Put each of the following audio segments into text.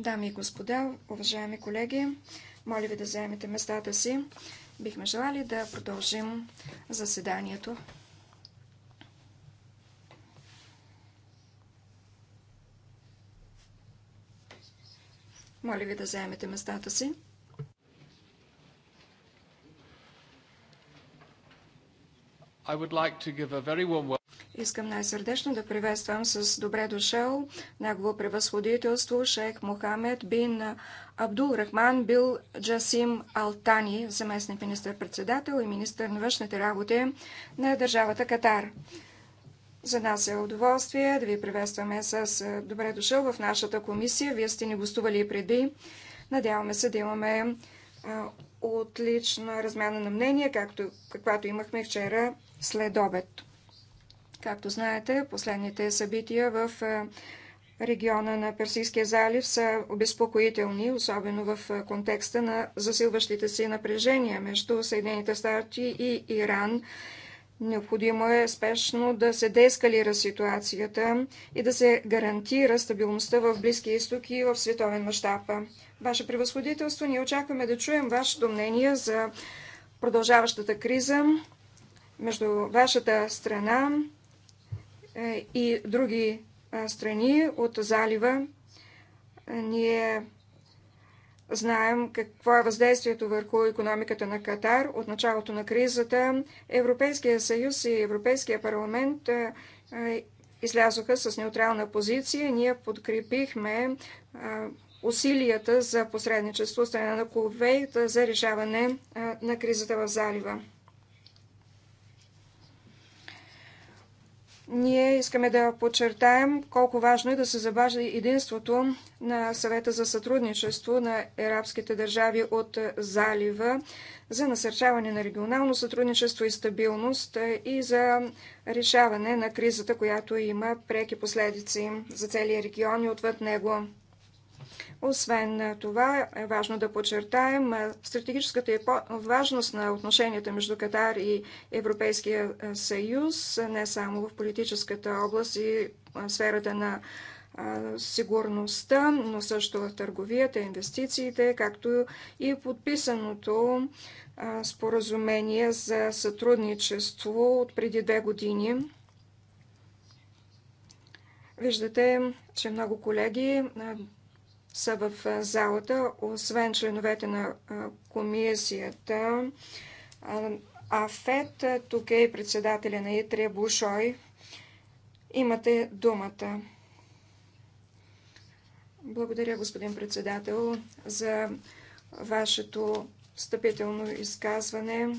Дами и господа, уважаеми колеги, моля ви да заемете местата си. Бихме желали да продължим заседанието. Моля ви да заемете местата си. I would like to give a very warm welcome Искам най-сърдечно да приветствам с добре дошъл негово превъзходителство шейх Мохамед бин Абдул Рахман бил Джасим Алтани, заместник министър-председател и министър на външните работи на държавата Катар. За нас е удоволствие да ви приветстваме с добре дошъл в нашата комисия. Вие сте ни гостували и преди. Надяваме се да имаме отлична размяна на мнение, както, каквато имахме вчера след обед. Както знаете, последните събития в е, региона на Персийския залив са обезпокоителни, особено в е, контекста на засилващите си напрежения между Съединените щати и Иран. Необходимо е спешно да се деескалира ситуацията и да се гарантира стабилността в Близкия изток и в световен мащаб. Ваше превъзходителство, ние очакваме да чуем вашето мнение за продължаващата криза между вашата страна е, и други страни от залива. Е, ние знаем какво е въздействието върху економиката на Катар. От началото на кризата Европейския съюз и Европейския парламент е, излязоха с неутрална позиция. Ние подкрепихме усилията за посредничество страна на Кувейт за решаване на кризата в залива. Ние искаме да подчертаем колко важно е да се забажа единството на съвета за сътрудничество на арабските държави от залива за насърчаване на регионално сътрудничество и стабилност и за решаване на кризата, която има преки последици за целия регион и отвъд него. Освен това, е важно да подчертаем стратегическата важност на отношенията между Катар и Европейския съюз, не само в политическата област и сферата на сигурността, но също в търговията, инвестициите, както и подписаното споразумение за сътрудничество от преди две години. Виждате, че много колеги са в залата, освен членовете на комисията АФЕТ, тук е и председателя на ИТРИ Бушой. Имате думата. Благодаря, господин председател, за вашето встъпително изказване.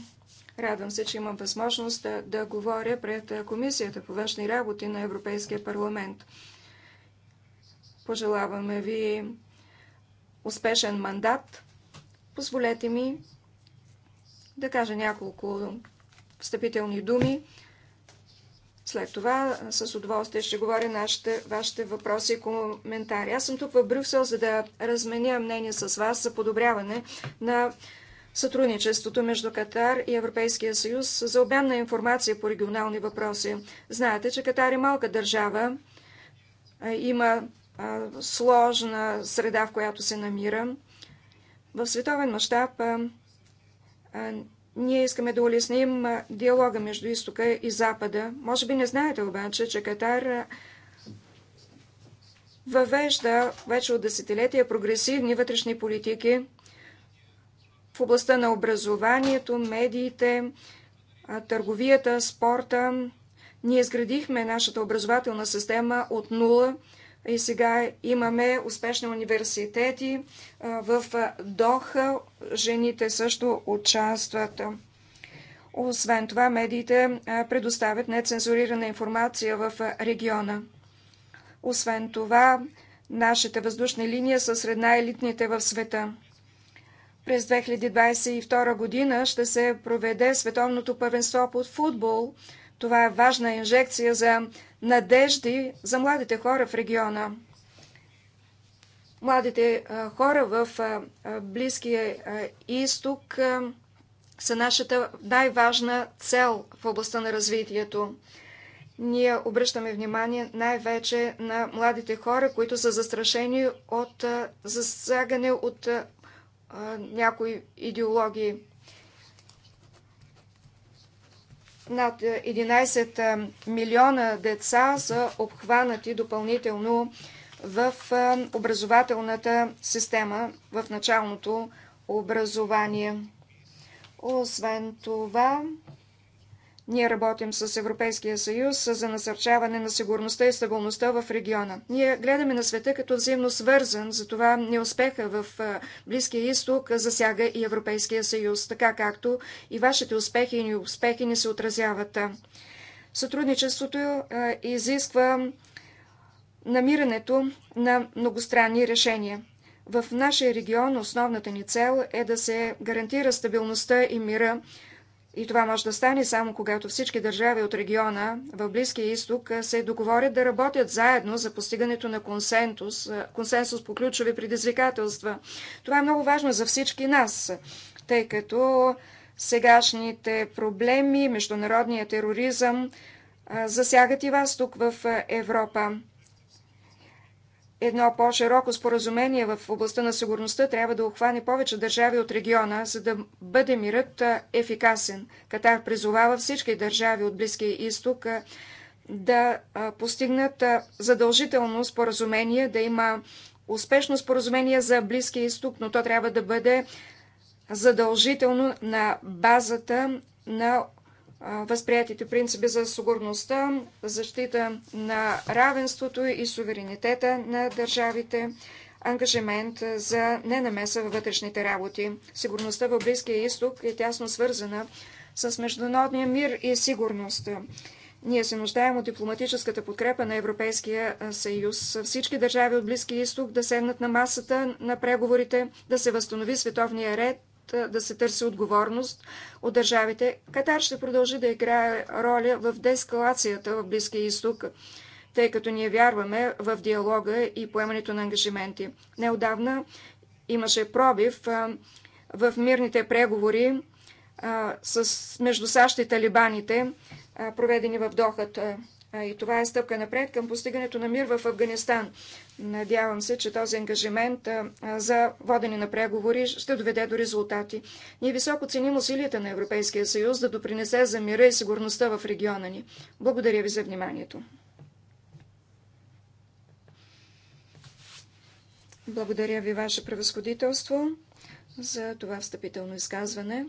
Радвам се, че имам възможност да, да говоря пред Комисията по външни работи на Европейския парламент. Пожелаваме ви успешен мандат. Позволете ми да кажа няколко встъпителни думи. След това с удоволствие ще говоря нашите, вашите въпроси и коментари. Аз съм тук в Брюксел, за да разменя мнение с вас за подобряване на сътрудничеството между Катар и Европейския съюз за обмен на информация по регионални въпроси. Знаете, че Катар е малка държава, има сложна среда, в която се намира. В световен мащаб ние искаме да улесним диалога между изтока и запада. Може би не знаете обаче, че Катар въвежда вече от десетилетия прогресивни вътрешни политики в областта на образованието, медиите, търговията, спорта. Ние изградихме нашата образователна система от нула – и сега имаме успешни университети в Доха. Жените също участват. Освен това, медиите предоставят нецензурирана информация в региона. Освен това, нашите въздушни линии са сред най-елитните в света. През 2022 година ще се проведе Световното първенство под футбол – това е важна инжекция за надежди за младите хора в региона. Младите хора в Близкия изток са нашата най-важна цел в областта на развитието. Ние обръщаме внимание най-вече на младите хора, които са застрашени от засягане от някои идеологии. Над 11 е, е, милиона деца са обхванати допълнително в е, образователната система в началното образование. Освен това, ние работим с Европейския съюз за насърчаване на сигурността и стабилността в региона. Ние гледаме на света като взаимно свързан, затова неуспеха в Близкия изток засяга и Европейския съюз, така както и вашите успехи и неуспехи ни се отразяват. Сътрудничеството изисква намирането на многостранни решения. В нашия регион основната ни цел е да се гарантира стабилността и мира, и това може да стане само когато всички държави от региона в Близкия изток се договорят да работят заедно за постигането на консенсус, консенсус по ключови предизвикателства. Това е много важно за всички нас, тъй като сегашните проблеми, международния тероризъм засягат и вас тук в Европа. Едно по-широко споразумение в областта на сигурността трябва да охване повече държави от региона, за да бъде мирът ефикасен. Катар призовава всички държави от Близкия изток да постигнат задължително споразумение, да има успешно споразумение за Близкия изток, но то трябва да бъде задължително на базата на възприятите принципи за сигурността, защита на равенството и суверенитета на държавите, ангажимент за ненамеса във вътрешните работи. Сигурността в Близкия изток е тясно свързана с международния мир и сигурност. Ние се нуждаем от дипломатическата подкрепа на Европейския съюз. Всички държави от Близкия изток да седнат на масата на преговорите, да се възстанови световния ред е, да се търси отговорност от държавите. Катар ще продължи да играе роля в деескалацията в Близкия изток, тъй като ние вярваме в диалога и поемането на ангажименти. Неодавна имаше пробив е, в мирните преговори е, между САЩ и талибаните, проведени в Дохът. И това е стъпка напред към постигането на мир в Афганистан. Надявам се, че този ангажимент за водене на преговори ще доведе до резултати. Ние високо ценим усилията на Европейския съюз да допринесе за мира и сигурността в региона ни. Благодаря ви за вниманието. Благодаря ви, Ваше превъзходителство, за това встъпително изказване.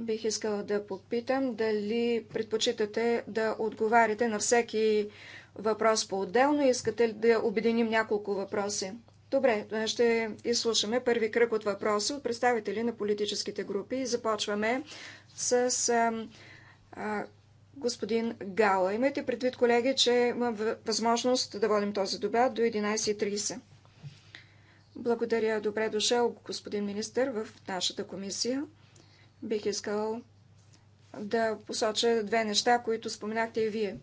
Бих искала да попитам дали предпочитате да отговаряте на всеки въпрос по-отделно и искате ли да обединим няколко въпроси. Добре, е, ще изслушаме първи кръг от въпроси от представители на политическите групи и започваме с а, а, господин Гала. Имайте предвид, колеги, че има възможност да водим този дебат до 11.30. Благодаря. Добре дошъл, господин министър, в нашата комисия бих искал да посоча две неща, които споменахте и вие.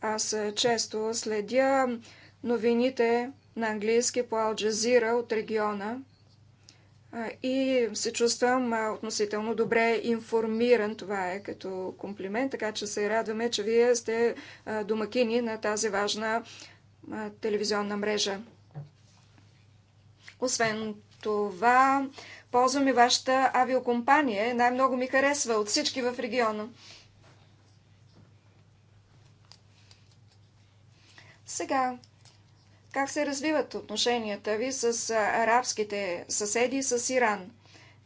Аз често следя новините на английски по Алджазира от региона и се чувствам относително добре информиран. Това е като комплимент, така че се радваме, че вие сте домакини на тази важна телевизионна мрежа. Освен това ползвам и вашата авиокомпания. Най-много ми харесва от всички в региона. Сега, как се развиват отношенията ви с арабските съседи и с Иран?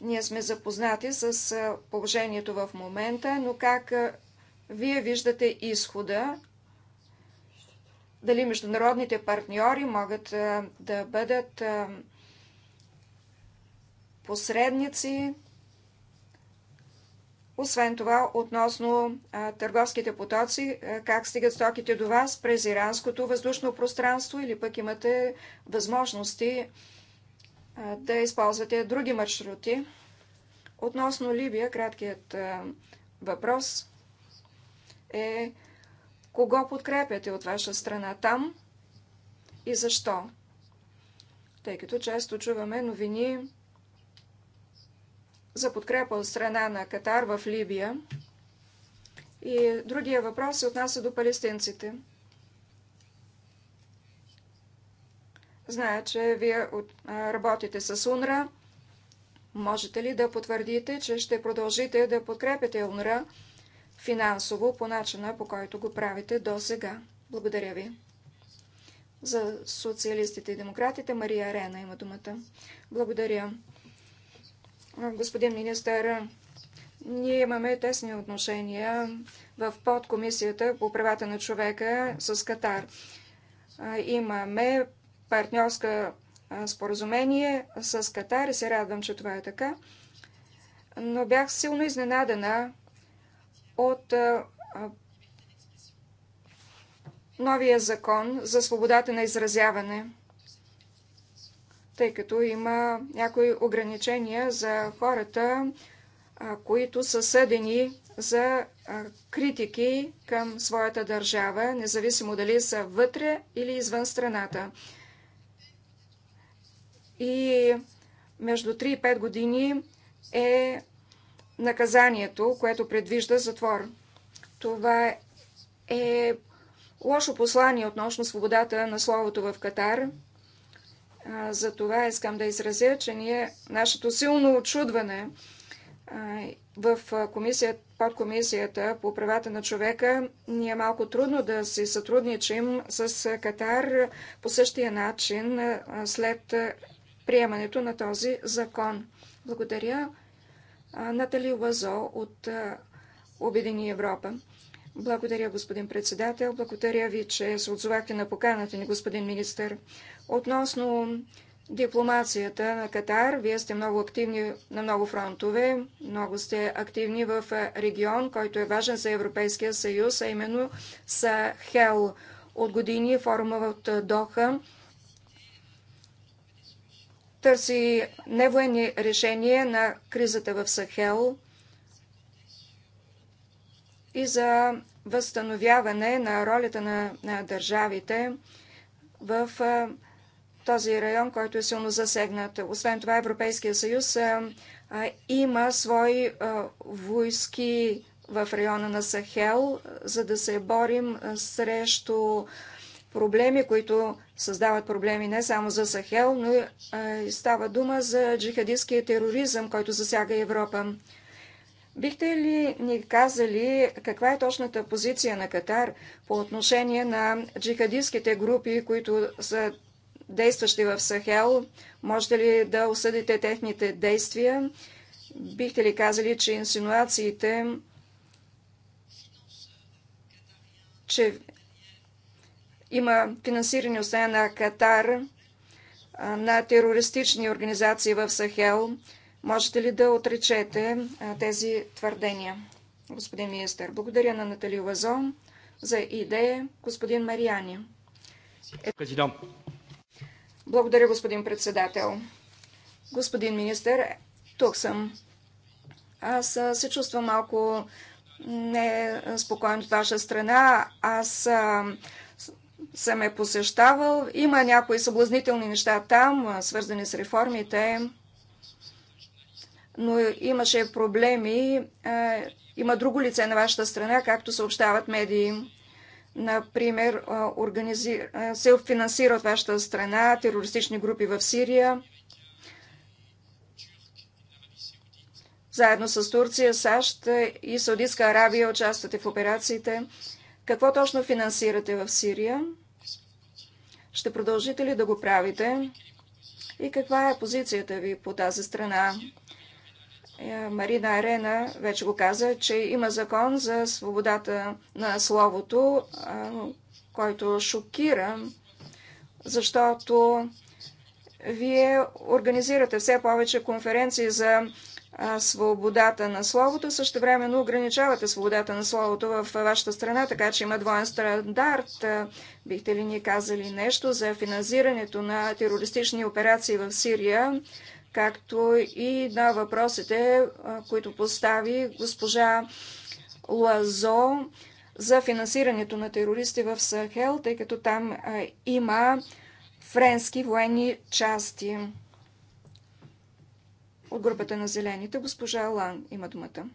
Ние сме запознати с положението в момента, но как вие виждате изхода? Дали международните партньори могат да бъдат посредници. Освен това, относно а, търговските потоци, а, как стигат стоките до вас през иранското въздушно пространство или пък имате възможности а, да използвате други маршрути. Относно Либия, краткият въпрос е кого подкрепяте от ваша страна там и защо? Тъй като често чуваме новини за подкрепа от страна на Катар в Либия. И другия въпрос се отнася до палестинците. Зная, че вие работите с УНРА. Можете ли да потвърдите, че ще продължите да подкрепите УНРА финансово по начина, по който го правите до сега? Благодаря ви. За социалистите и демократите Мария Арена има думата. Благодаря господин министър, ние имаме тесни отношения в подкомисията по правата на човека с Катар. Имаме партньорска споразумение с Катар и се радвам, че това е така. Но бях силно изненадана от новия закон за свободата на изразяване – тъй като има някои ограничения за хората, които са съдени за критики към своята държава, независимо дали са вътре или извън страната. И между 3 и 5 години е наказанието, което предвижда затвор. Това е лошо послание относно свободата на словото в Катар – за това искам да изразя, че ние, нашето силно очудване в комисията, подкомисията по правата на човека ни е малко трудно да си сътрудничим с Катар по същия начин след приемането на този закон. Благодаря Натали Вазо от Обедини Европа. Благодаря, господин председател. Благодаря ви, че се отзовахте на поканата ни, господин министър. Относно дипломацията на Катар, вие сте много активни на много фронтове, много сте активни в регион, който е важен за Европейския съюз, а именно Сахел. От години е форума в Доха търси невоенни решения на кризата в Сахел и за възстановяване на ролята на, на държавите в този район, който е силно засегнат. Освен това, Европейския съюз а, а, има свои а, войски в района на Сахел, за да се борим срещу проблеми, които създават проблеми не само за Сахел, но и става дума за джихадистския тероризъм, който засяга Европа. Бихте ли ни казали каква е точната позиция на Катар по отношение на джихадистските групи, които са действащи в Сахел? Можете ли да осъдите техните действия? Бихте ли казали, че инсинуациите, че има финансиране от страна на Катар на терористични организации в Сахел, можете ли да отречете тези твърдения? Господин министър, благодаря на Натали Вазон за идея. Господин Мариани. Президент, благодаря, господин председател. Господин министър, тук съм. Аз се чувствам малко неспокоен от ваша страна. Аз съм е посещавал. Има някои съблазнителни неща там, свързани с реформите, но имаше проблеми. Има друго лице на вашата страна, както съобщават медии например, организи... се финансира от вашата страна терористични групи в Сирия, заедно с Турция, САЩ и Саудитска Аравия участвате в операциите. Какво точно финансирате в Сирия? Ще продължите ли да го правите? И каква е позицията ви по тази страна? Е, Марина Арена вече го каза, че има закон за свободата на словото, който шокира, защото вие организирате все повече конференции за свободата на словото, също времено ограничавате свободата на словото в вашата страна, така че има двоен стандарт. Бихте ли ни казали нещо за финансирането на терористични операции в Сирия? както и на въпросите, които постави госпожа Лазо за финансирането на терористи в Сахел, тъй като там има френски военни части. От групата на зелените госпожа Лан има думата.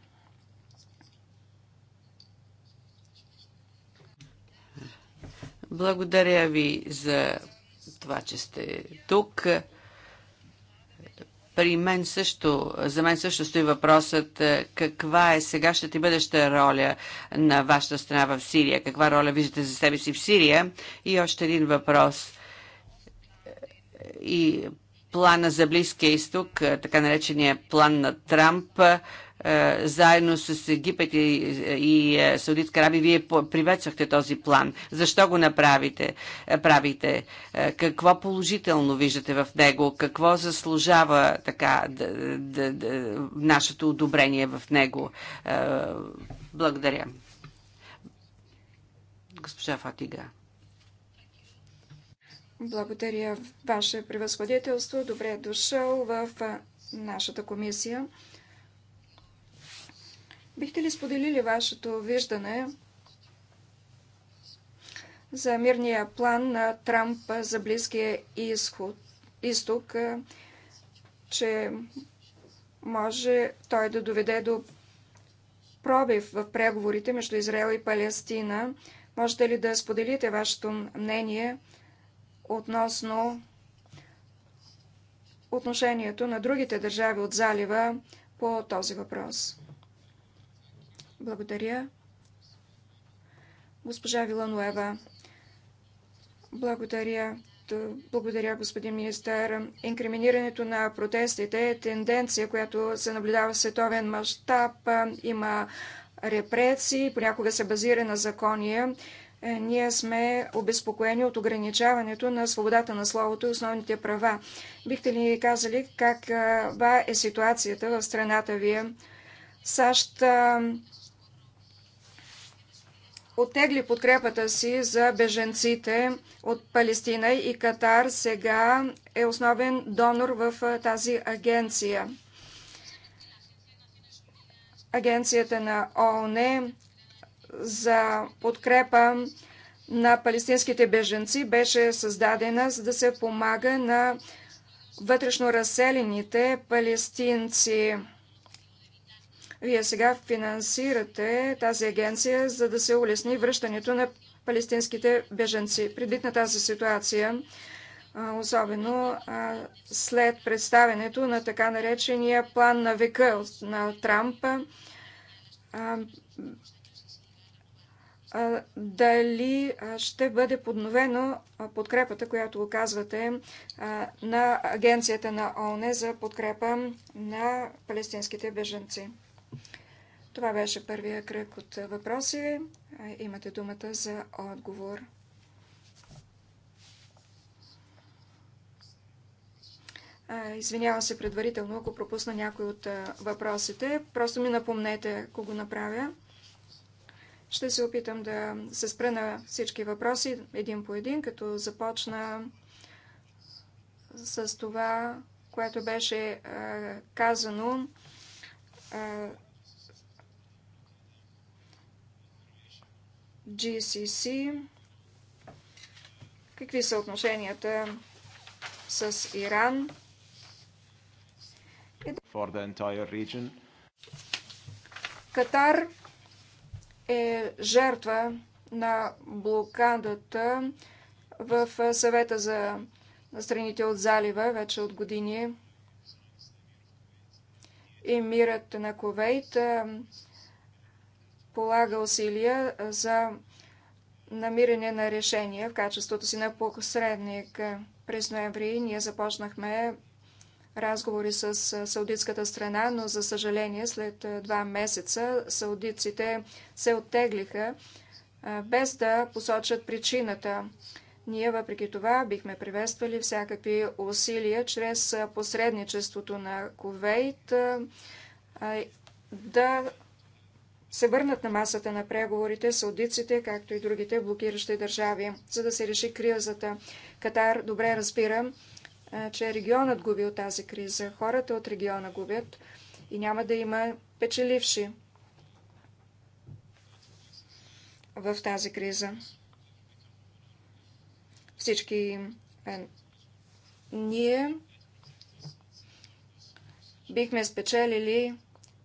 Благодаря ви за това, че сте тук при мен също, за мен също стои въпросът е, каква е сегашната и бъдеща роля на вашата страна в Сирия, каква роля виждате за себе си в Сирия и още един въпрос и плана за Близкия изток, е, така наречения план на Трамп, е, е, заедно с Египет и, и е, Саудитска Арабия, вие приветствахте този план. Защо го направите? Е, правите? Какво положително виждате в него? Какво заслужава така д, д, д, нашето одобрение в него? Благодаря. Госпожа Фатига. Благодаря, Ваше превъзходителство. Добре е дошъл в нашата комисия. Бихте ли споделили вашето виждане за мирния план на Трамп за Близкия изход, изток, че може той да доведе до пробив в преговорите между Израел и Палестина. Можете ли да споделите вашето мнение относно отношението на другите държави от залива по този въпрос? Благодаря. Госпожа Виланоева. Благодаря. Благодаря, господин министър. Инкриминирането на протестите е тенденция, която се наблюдава в световен мащаб. Има репресии, понякога се базира на закония. Ние сме обезпокоени от ограничаването на свободата на словото и основните права. Бихте ли ни казали каква е ситуацията в страната ви? САЩ оттегли подкрепата си за беженците от Палестина и Катар сега е основен донор в тази агенция. Агенцията на ООН за подкрепа на палестинските беженци беше създадена, за да се помага на вътрешно разселените палестинци. Вие сега финансирате тази агенция, за да се улесни връщането на палестинските беженци. Предвид на тази ситуация, особено след представенето на така наречения план на века на Трампа, дали ще бъде подновено подкрепата, която оказвате на агенцията на ООН за подкрепа на палестинските беженци. Това беше първия кръг от въпроси. Имате думата за отговор. Извинявам се предварително, ако пропусна някой от въпросите. Просто ми напомнете, ако го направя. Ще се опитам да се спра на всички въпроси един по един, като започна с това, което беше казано GCC. Какви са отношенията с Иран? Катар е жертва на блокадата в съвета за страните от залива вече от години емирът на Ковейт полага усилия за намиране на решение в качеството си на посредник. През ноември ние започнахме разговори с саудитската страна, но за съжаление след два месеца саудитците се оттеглиха без да посочат причината. Ние въпреки това бихме приветствали всякакви усилия чрез посредничеството на Кувейт да се върнат на масата на преговорите саудиците, както и другите блокиращи държави, за да се реши кризата. Катар добре разбира, че регионът губи от тази криза. Хората от региона губят и няма да има печеливши в тази криза. Всички е, ние бихме спечелили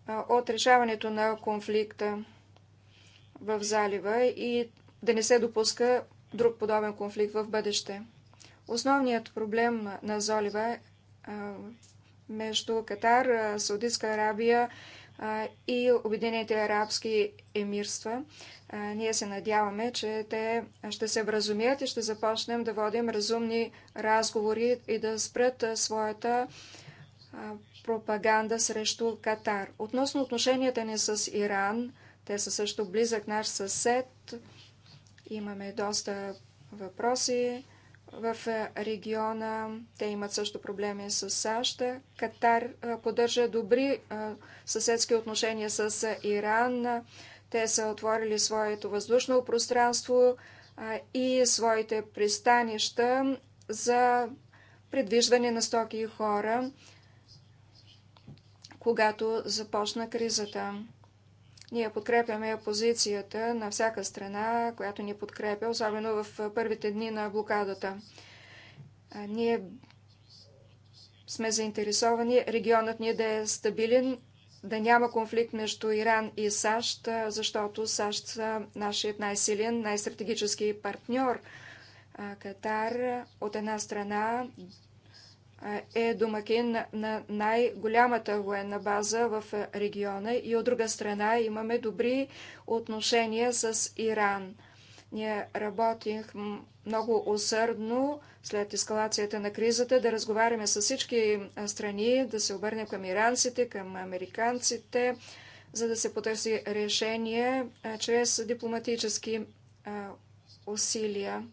от решаването на конфликта в залива и да не се допуска друг подобен конфликт в бъдеще. Основният проблем на залива между Катар, Саудитска Арабия и Обединените арабски емирства. Ние се надяваме, че те ще се вразумят и ще започнем да водим разумни разговори и да спрат своята пропаганда срещу Катар. Относно отношенията ни с Иран, те са също близък наш съсед. Имаме доста въпроси в е, региона. Те имат също проблеми с САЩ. Катар е, поддържа добри е, съседски отношения с Иран. Те са отворили своето въздушно пространство и своите пристанища за предвиждане на стоки и хора, когато започна кризата. Ние подкрепяме позицията на всяка страна, която ни подкрепя, особено в първите дни на блокадата. Ние сме заинтересовани регионът ни да е стабилен, да няма конфликт между Иран и САЩ, защото САЩ са нашият най-силен, най-стратегически партньор. Катар от една страна е домакин на най-голямата военна база в региона и от друга страна имаме добри отношения с Иран. Ние работих много усърдно след ескалацията на кризата да разговаряме с всички страни, да се обърнем към иранците, към американците, за да се потърси решение чрез дипломатически усилия.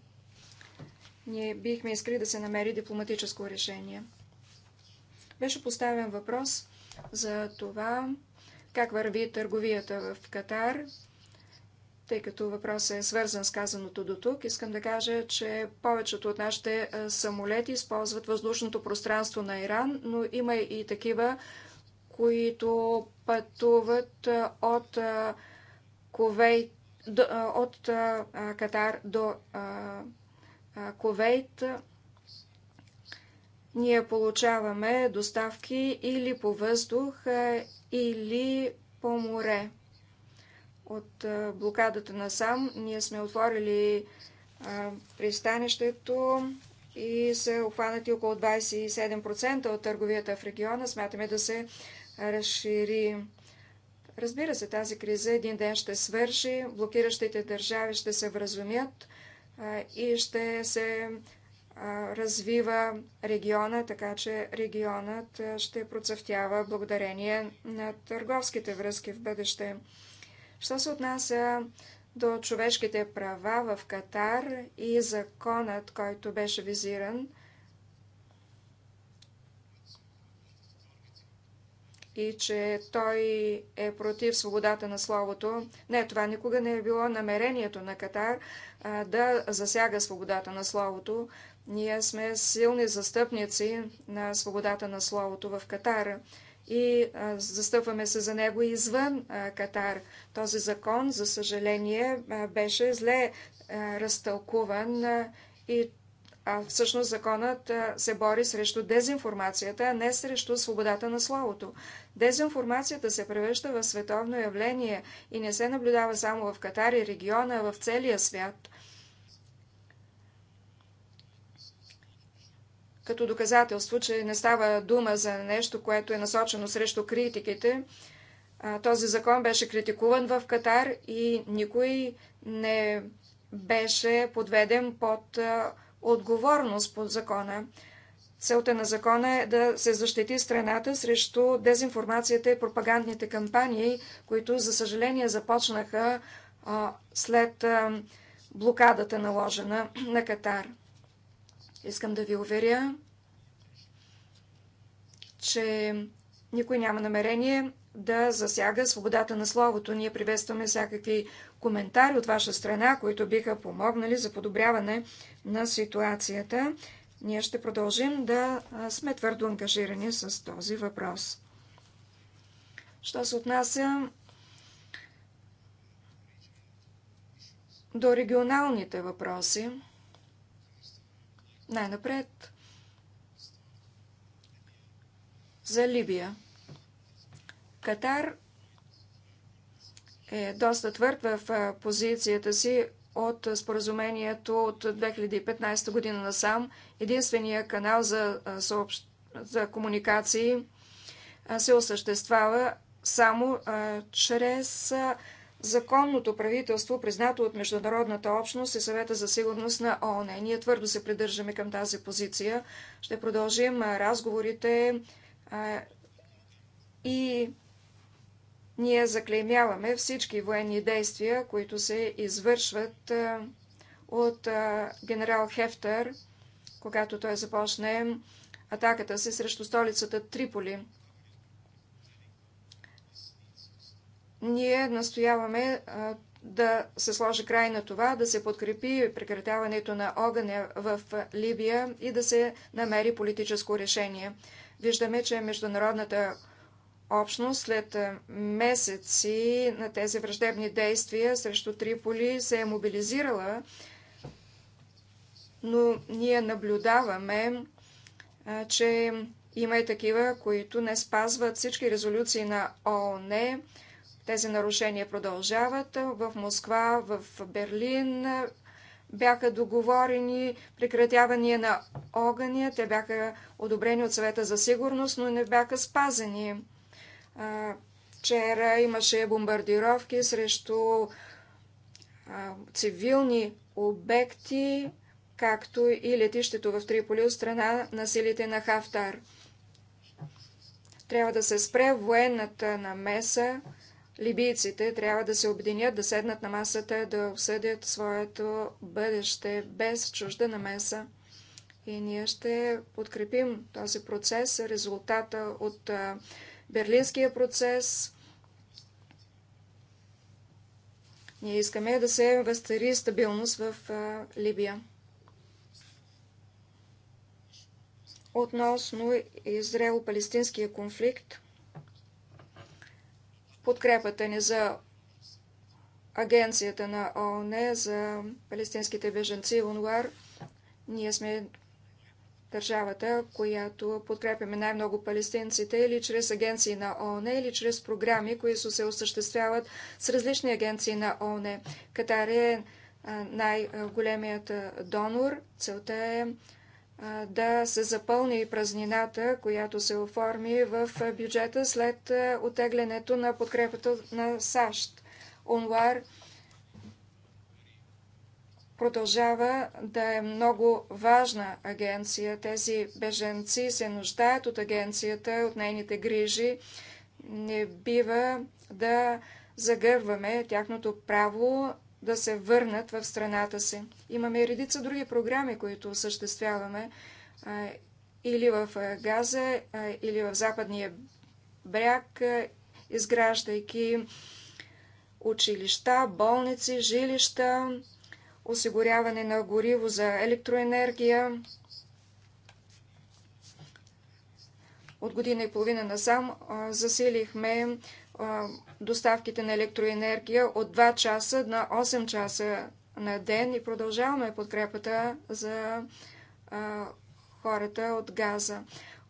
Ние бихме искали да се намери дипломатическо решение. Беше поставен въпрос за това как върви търговията в Катар. Тъй като въпросът е свързан с казаното до тук, искам да кажа, че повечето от нашите самолети използват въздушното пространство на Иран, но има и такива, които пътуват от Ковейт от Катар до Ковейт, ние получаваме доставки или по въздух, или по море. От блокадата на сам ние сме отворили пристанището и са обхванати около 27% от търговията в региона. Смятаме да се разшири. Разбира се, тази криза един ден ще свърши, блокиращите държави ще се вразумят – и ще се развива региона, така че регионът ще процъфтява благодарение на търговските връзки в бъдеще. Що се отнася до човешките права в Катар и законът, който беше визиран – и че той е против свободата на словото. Не, това никога не е било намерението на Катар а, да засяга свободата на словото. Ние сме силни застъпници на свободата на словото в Катар и а, застъпваме се за него извън а, Катар. Този закон, за съжаление, а, беше зле а, разтълкуван а, и а всъщност законът се бори срещу дезинформацията, а не срещу свободата на словото. Дезинформацията се превръща в световно явление и не се наблюдава само в Катар и региона, а в целия свят. Като доказателство, че не става дума за нещо, което е насочено срещу критиките, този закон беше критикуван в Катар и никой не беше подведен под отговорност под закона. Целта на закона е да се защити страната срещу дезинформацията и пропагандните кампании, които, за съжаление, започнаха а, след а, блокадата наложена на Катар. Искам да ви уверя, че никой няма намерение да засяга свободата на словото. Ние приветстваме всякакви коментари от ваша страна, които биха помогнали за подобряване на ситуацията. Ние ще продължим да сме твърдо ангажирани с този въпрос. Що се отнася до регионалните въпроси, най-напред за Либия. Катар е доста твърд в позицията си от споразумението от 2015 година насам. Единствения канал за, съобщ... за комуникации се осъществява само чрез законното правителство, признато от Международната общност и съвета за сигурност на ООН. Ние твърдо се придържаме към тази позиция. Ще продължим разговорите и ние заклеймяваме всички военни действия, които се извършват от генерал Хефтер, когато той започне атаката си срещу столицата Триполи. Ние настояваме да се сложи край на това, да се подкрепи прекратяването на огъня в Либия и да се намери политическо решение. Виждаме, че международната общност след е, месеци на тези враждебни действия срещу Триполи се е мобилизирала, но ние наблюдаваме, е, че има и такива, които не спазват всички резолюции на ООН. Тези нарушения продължават. В Москва, в Берлин е, бяха договорени прекратявания на огъня. Те бяха одобрени от съвета за сигурност, но не бяха спазени. Вчера имаше бомбардировки срещу цивилни обекти, както и летището в Триполи от страна на силите на Хафтар. Трябва да се спре военната намеса. Либийците трябва да се обединят, да седнат на масата, да обсъдят своето бъдеще без чужда намеса. И ние ще подкрепим този процес, резултата от Берлинския процес. Ние искаме да се възстари стабилност в Либия. Относно Израел-Палестинския конфликт, подкрепата ни за Агенцията на ООН за палестинските беженци е УНЛАР. Ние сме държавата, която подкрепяме най-много палестинците, или чрез агенции на ООН, или чрез програми, които се осъществяват с различни агенции на ООН. Катар е най-големият донор. Целта е да се запълни празнината, която се оформи в бюджета след отеглянето на подкрепата на САЩ. Онлар продължава да е много важна агенция. Тези беженци се нуждаят от агенцията, от нейните грижи. Не бива да загърваме тяхното право да се върнат в страната си. Имаме и редица други програми, които осъществяваме или в Газа, или в Западния бряг, изграждайки училища, болници, жилища, осигуряване на гориво за електроенергия. От година и половина насам засилихме доставките на електроенергия от 2 часа на 8 часа на ден и продължаваме подкрепата за хората от Газа.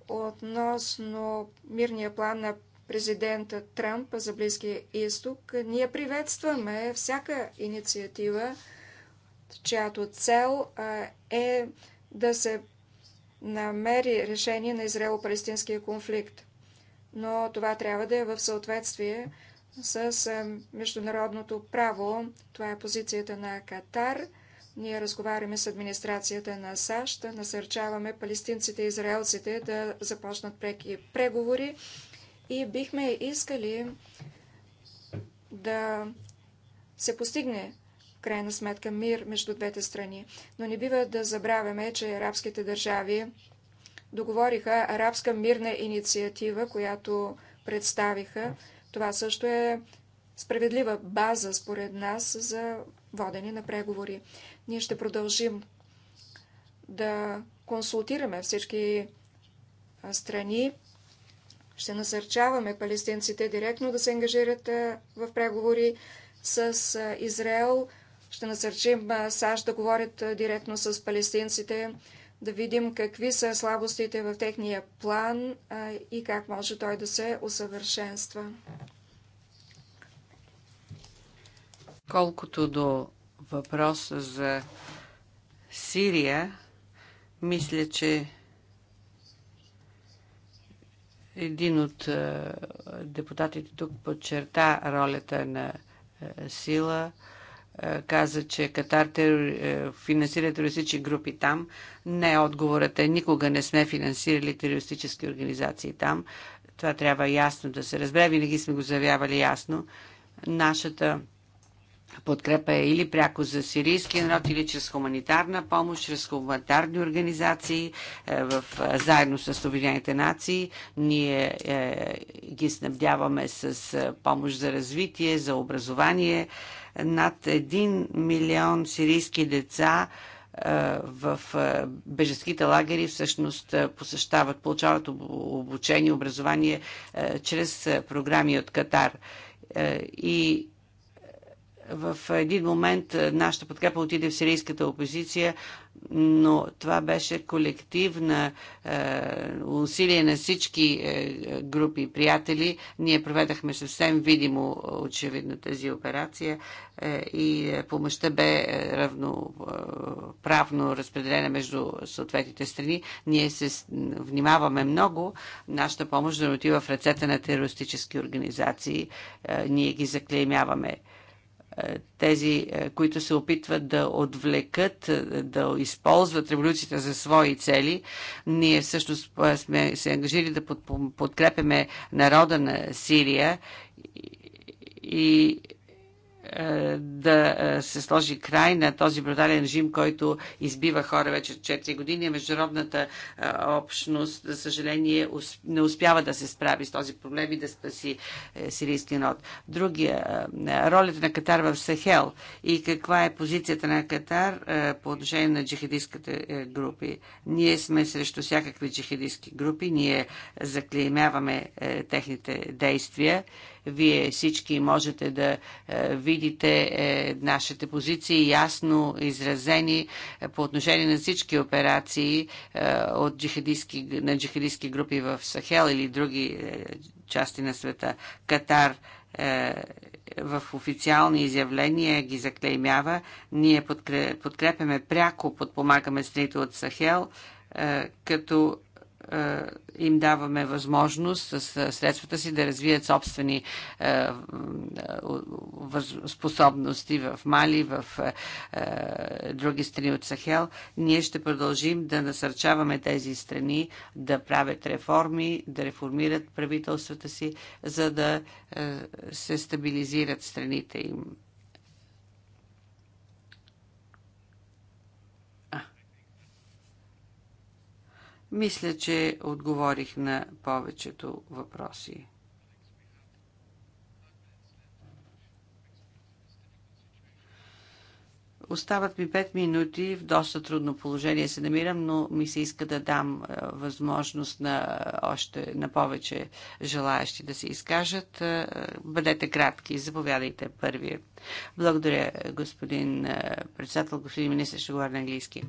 Относно мирния план на президента Трамп за Близкия изток, ние приветстваме всяка инициатива, чиято цел е да се намери решение на израело-палестинския конфликт. Но това трябва да е в съответствие с международното право. Това е позицията на Катар. Ние разговаряме с администрацията на САЩ, насърчаваме палестинците и израелците да започнат преки преговори и бихме искали да се постигне крайна сметка мир между двете страни. Но не бива да забравяме, че арабските държави договориха арабска мирна инициатива, която представиха. Това също е справедлива база, според нас, за водене на преговори. Ние ще продължим да консултираме всички страни, ще насърчаваме палестинците директно да се ангажират в преговори с Израел, ще насърчим САЩ да говорят директно с палестинците, да видим какви са слабостите в техния план и как може той да се усъвършенства. Колкото до въпроса за Сирия, мисля, че един от депутатите тук подчерта ролята на сила, е, каза, че Катар е, финансира терористични групи там. Не, отговорът е никога не сме финансирали терористически организации там. Това трябва ясно да се разбере. Винаги сме го заявявали ясно. Нашата подкрепа е или пряко за сирийския народ, или чрез хуманитарна помощ, чрез хуманитарни организации, е, в, заедно с Обединените нации. Ние е, ги снабдяваме с помощ за развитие, за образование над 1 милион сирийски деца е, в е, бежанските лагери всъщност е, посещават, получават обучение, образование чрез програми от Катар. И в един момент е, нашата подкрепа отиде в сирийската опозиция, но това беше колективна е, усилие на всички е, групи приятели. Ние проведахме съвсем видимо, очевидно, тази операция е, и е, помощта бе е, равноправно разпределена между съответните страни. Ние се внимаваме много нашата помощ да отива в ръцете на терористически организации. Е, ние ги заклеймяваме е, тези, е, които се опитват да отвлекат, е, да използват революцията за свои цели. Ние всъщност сме се ангажили да подкрепяме народа на Сирия и е, да е, се сложи край на този брутален режим, който избива хора вече 4 години. Международната е, общност, за съжаление, не успява да се справи с този проблем и да спаси сирийския народ. Другия, ролята на Катар в Сахел и каква е позицията на Катар по отношение на джихадистските групи. Ние сме срещу всякакви джихадистски групи, ние заклеймяваме техните действия. Вие всички можете да видите видите е, нашите позиции ясно изразени по отношение на всички операции е, от джихадистки, на джихадистски групи в Сахел или други е, части на света. Катар е, в официални изявления ги заклеймява. Ние подкрепяме пряко, подпомагаме страните от Сахел, е, като им даваме възможност с средствата си да развият собствени способности в Мали, в други страни от Сахел. Ние ще продължим да насърчаваме тези страни да правят реформи, да реформират правителствата си, за да се стабилизират страните им. Мисля, че отговорих на повечето въпроси. Остават ми 5 минути, в доста трудно положение се намирам, но ми се иска да дам е, възможност на е, още на повече желаящи да се изкажат. Е, бъдете кратки, заповядайте първи. Благодаря, господин председател, господин министр, ще говоря на английски.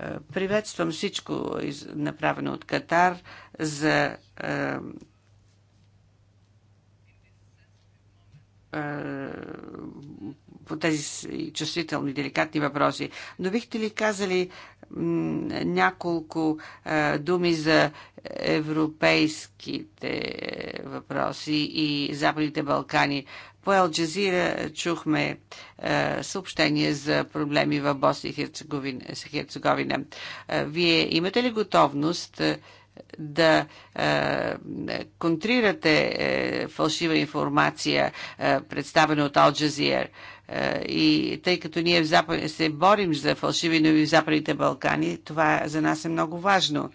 Е, приветствам всичко направено от Катар за е, е по тези чувствителни, деликатни въпроси. Но бихте ли казали няколко думи за европейските е, въпроси и Западните Балкани? По Елджазира чухме е, съобщение за проблеми в Босния и Херцеговина. Херцеговина. вие имате ли готовност е, да е, контрирате е, фалшива информация, е, представена от Е, е, и тъй като ние в Запад... се борим за фалшиви нови в Западните Балкани, това за нас е много важно.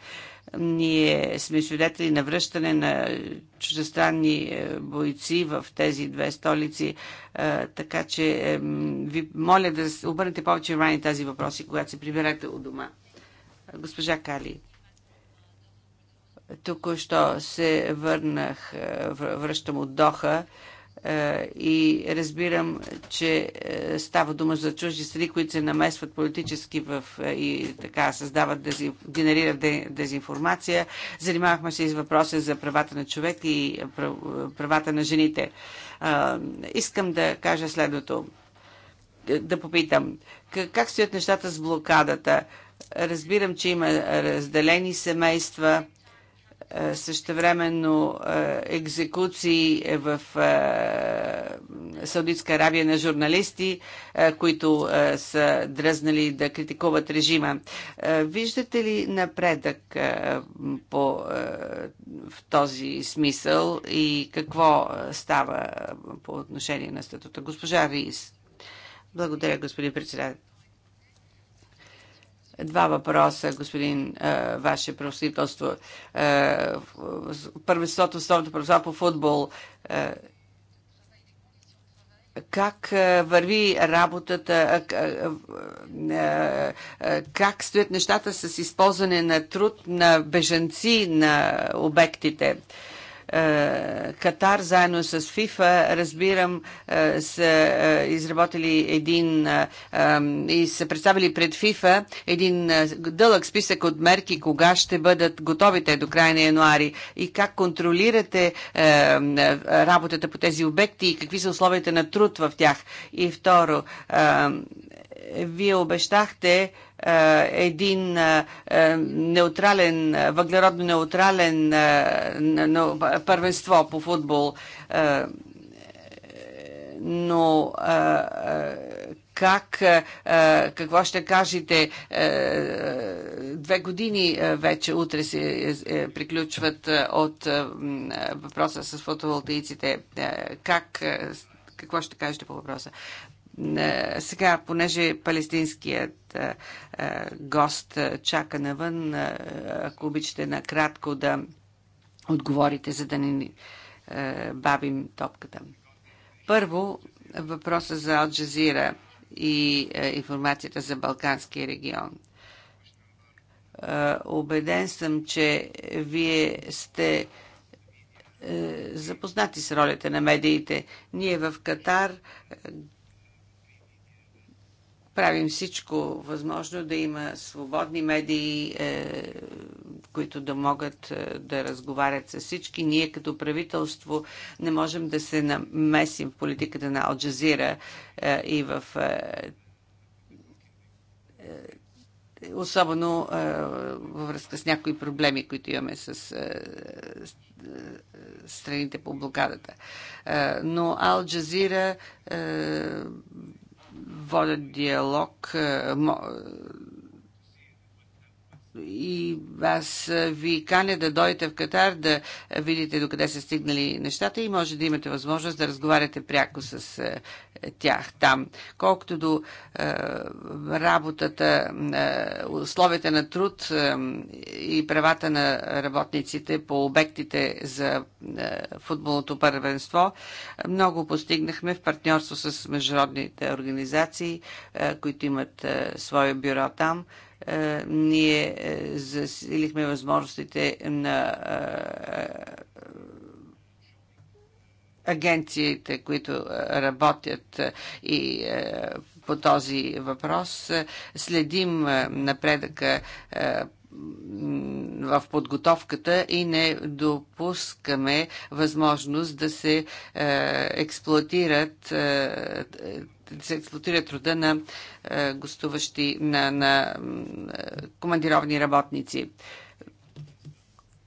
Ние сме свидетели на връщане на чуждестранни е, бойци в тези две столици, е, така че ви моля да обърнете повече внимание тази въпроси, когато се приберете от дома. Госпожа Кали. Току-що се върнах, връщам от Доха е, и разбирам, че е, става дума за чужди страни, които се намесват политически в, е, и така създават, генерират дезинформация. Занимавахме се и с въпроса за правата на човек и правата на жените. Искам да кажа следното. Да попитам, как стоят нещата с блокадата? Разбирам, че има разделени семейства, е, същевременно е, екзекуции е в Саудитска Аравия на журналисти, които са дръзнали да критикуват режима. Виждате ли напредък по, в този смисъл и какво става по отношение на статута? Госпожа Рис. Благодаря, господин председател. Два въпроса, господин Ваше правосъдителство. първенството, основното правосъдство по футбол. как върви работата, как стоят нещата с използване на труд на бежанци на обектите. Е, Катар заедно с ФИФА, разбирам, е, са е, изработили един и са представили пред ФИФА един дълъг списък от мерки, кога ще бъдат готовите до края на януари и как контролирате работата по тези обекти и какви са условията на труд в тях. И второ, вие обещахте е, един е, е, неутрален, въглеродно неутрален първенство по футбол. Но как, какво ще кажете, две години вече утре се приключват от въпроса с фотоволтаиците. Как, какво ще кажете по въпроса? Е, сега, понеже палестинският е, е, гост чака навън, ако обичате накратко да отговорите, за да не бавим топката. Първо, въпроса за Алджазира и информацията за Балканския регион. Обеден съм, че вие сте запознати с ролята на медиите. Ние в Катар правим всичко възможно да има свободни медии, е, които да могат е, да разговарят с всички. Ние като правителство не можем да се намесим в политиката на Алджазира е, и в. Е, е, особено е, във връзка с някои проблеми, които имаме с страните по блокадата. Но Ал Джазира водят диалог, е, и аз ви каня да дойдете в Катар, да видите докъде са стигнали нещата и може да имате възможност да разговаряте пряко с тях там. Колкото до е, работата, е, условията на труд е, и правата на работниците по обектите за е, футболното първенство, много постигнахме в партньорство с международните организации, е, които имат е, свое бюро там. Е, е, ние е, засилихме възможностите на е, агенциите, които работят и по този въпрос. Следим напредъка в подготовката и не допускаме възможност да се е, експлуатират е, да се експлуатира труда на е, гостуващи, на, на командировни работници.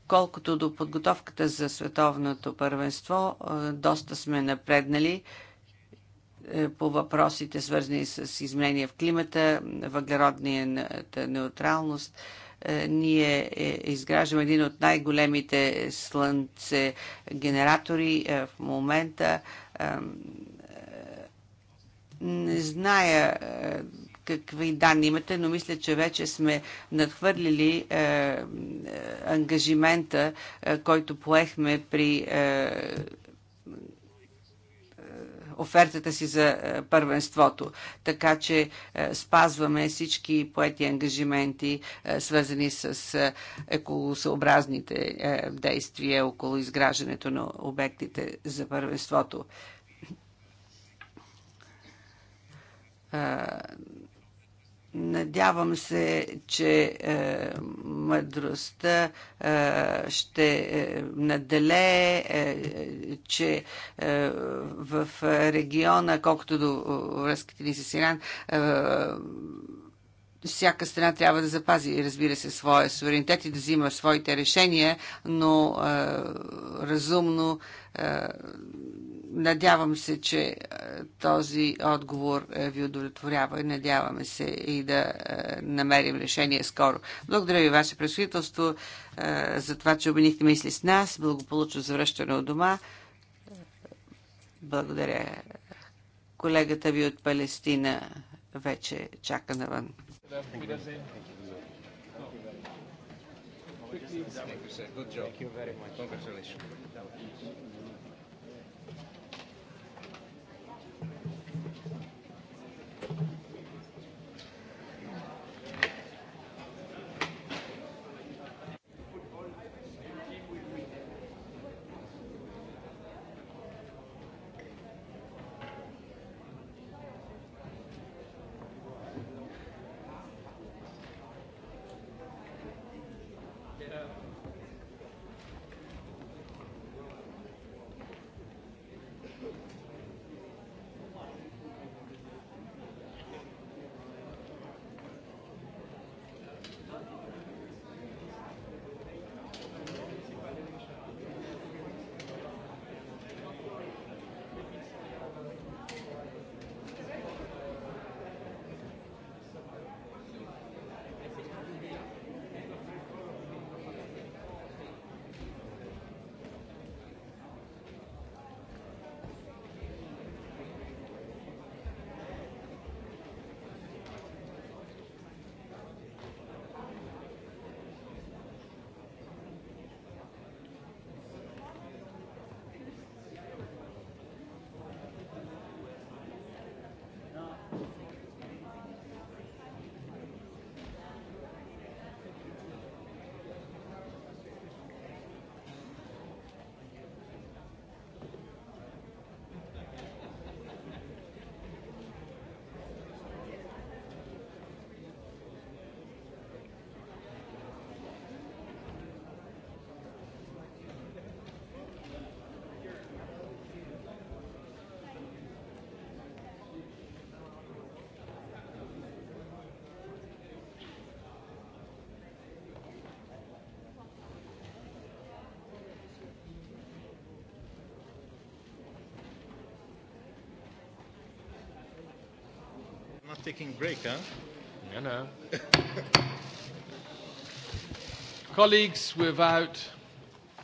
Колкото до подготовката за световното първенство, доста сме напреднали по въпросите, свързани с изменения в климата, въглеродния неутралност. Е, ние е, изграждаме един от най-големите слънце генератори е, в момента. Не зная какви данни имате, но мисля, че вече сме надхвърлили е, ангажимента, е, който поехме при е, офертата си за е, първенството. Така че е, спазваме всички поети ангажименти, е, свързани с екологосъобразните действия около изграждането на обектите за първенството Надявам се, че е, мъдростта е, ще е, наделее, е, че е, в региона, колкото до връзките ни с Иран, е, всяка страна трябва да запази, разбира се, своя суверенитет и да взима своите решения, но е, разумно. Е, Надявам се, че е, този отговор е, ви удовлетворява и надяваме се и да е, намерим решение скоро. Благодаря ви, Ваше пресвителство, за това, че обменихте мисли с нас. Благополучно завръщане от дома. Благодаря. Колегата ви от Палестина вече чака навън. Thank you very much. Congratulations. taking break, huh? No, no. Colleagues, without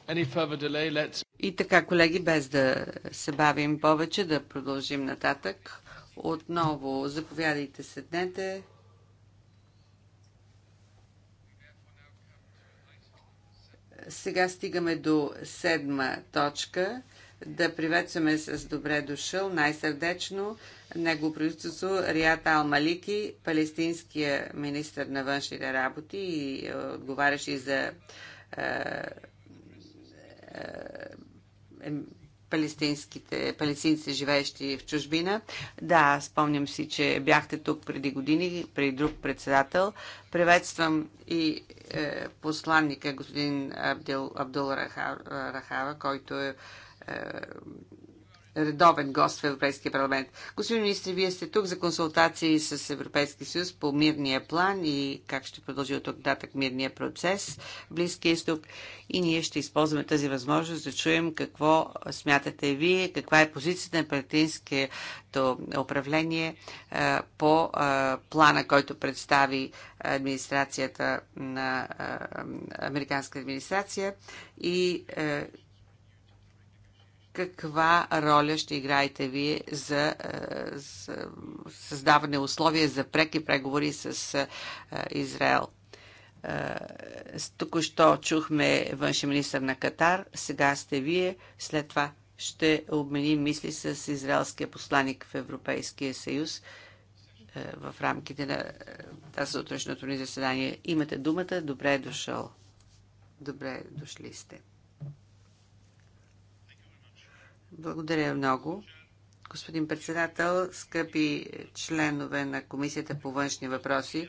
any further delay, let's... И така, колеги, без да се бавим повече, да продължим нататък. Отново, заповядайте, седнете. Сега стигаме до седма точка – да приветстваме с добре дошъл най-сърдечно него правителство Рият Алмалики, палестинския министр на външните работи и е, отговаряше и за е, е, палестинските, палестинците, живеещи в чужбина. Да, спомням си, че бяхте тук преди години, при друг председател. Приветствам и е, посланника господин Абдул Рахава, който е е, редовен гост в Европейския парламент. Господин министр, вие сте тук за консултации с Европейския съюз по мирния план и как ще продължи от тук датък мирния процес в Близкия изток. И ние ще използваме тази възможност да чуем какво смятате вие, каква е позицията на партийското управление е, по е, плана, който представи администрацията на американска администрация и каква роля ще играете вие за, е, за създаване условия за преки преговори с е, Израел? Е, току-що чухме външен министр на Катар, сега сте вие, след това ще обменим мисли с израелския посланник в Европейския съюз в рамките на тази сутрешното ни заседание. Имате думата. Добре е дошъл. Добре дошли сте. Благодаря много. Господин председател, скъпи членове на Комисията по външни въпроси,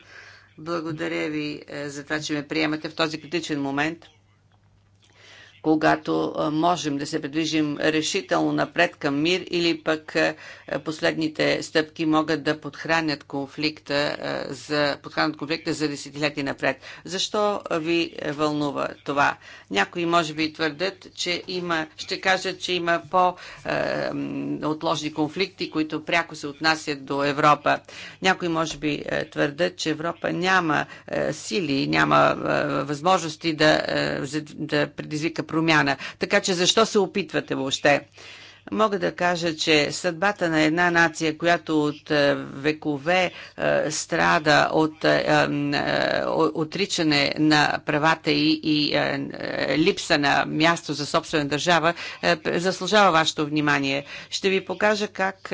благодаря ви е, за това, че ме приемате в този критичен момент когато можем да се придвижим решително напред към мир или пък последните стъпки могат да подхранят конфликта за, подхранят конфликта за десетилетия напред. Защо ви вълнува това? Някои може би твърдят, че има, ще кажат, че има по-отложни конфликти, които пряко се отнасят до Европа. Някои може би твърдят, че Европа няма сили, няма възможности да, да предизвика промяна. Така че защо се опитвате въобще? Мога да кажа, че съдбата на една нация, която от е, векове е, страда от е, отричане на правата и, и липса на място за собствена държава, заслужава вашето внимание. Ще ви покажа как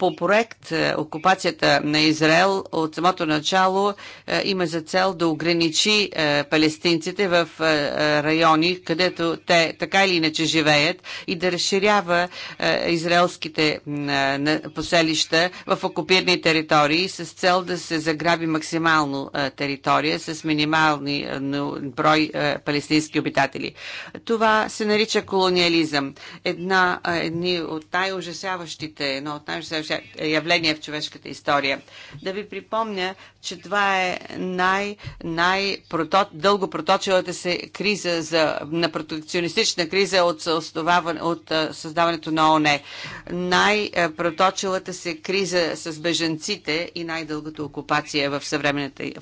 по проект е, окупацията на Израел от самото начало е, има за цел да ограничи е, палестинците в райони, където те така или иначе живеят и да разширява израелските поселища в окупирани територии с цел да се заграби максимално територия с минимални брой палестински обитатели. Това се нарича колониализъм. Една, едни от най-ужасяващите, едно от най-ужасяващите явление в човешката история. Да ви припомня, че това е най, най проточилата се криза за, на протекционистична криза от, от създаването на ОНЕ. Най-проточилата се криза с беженците и най-дългата окупация в съвременната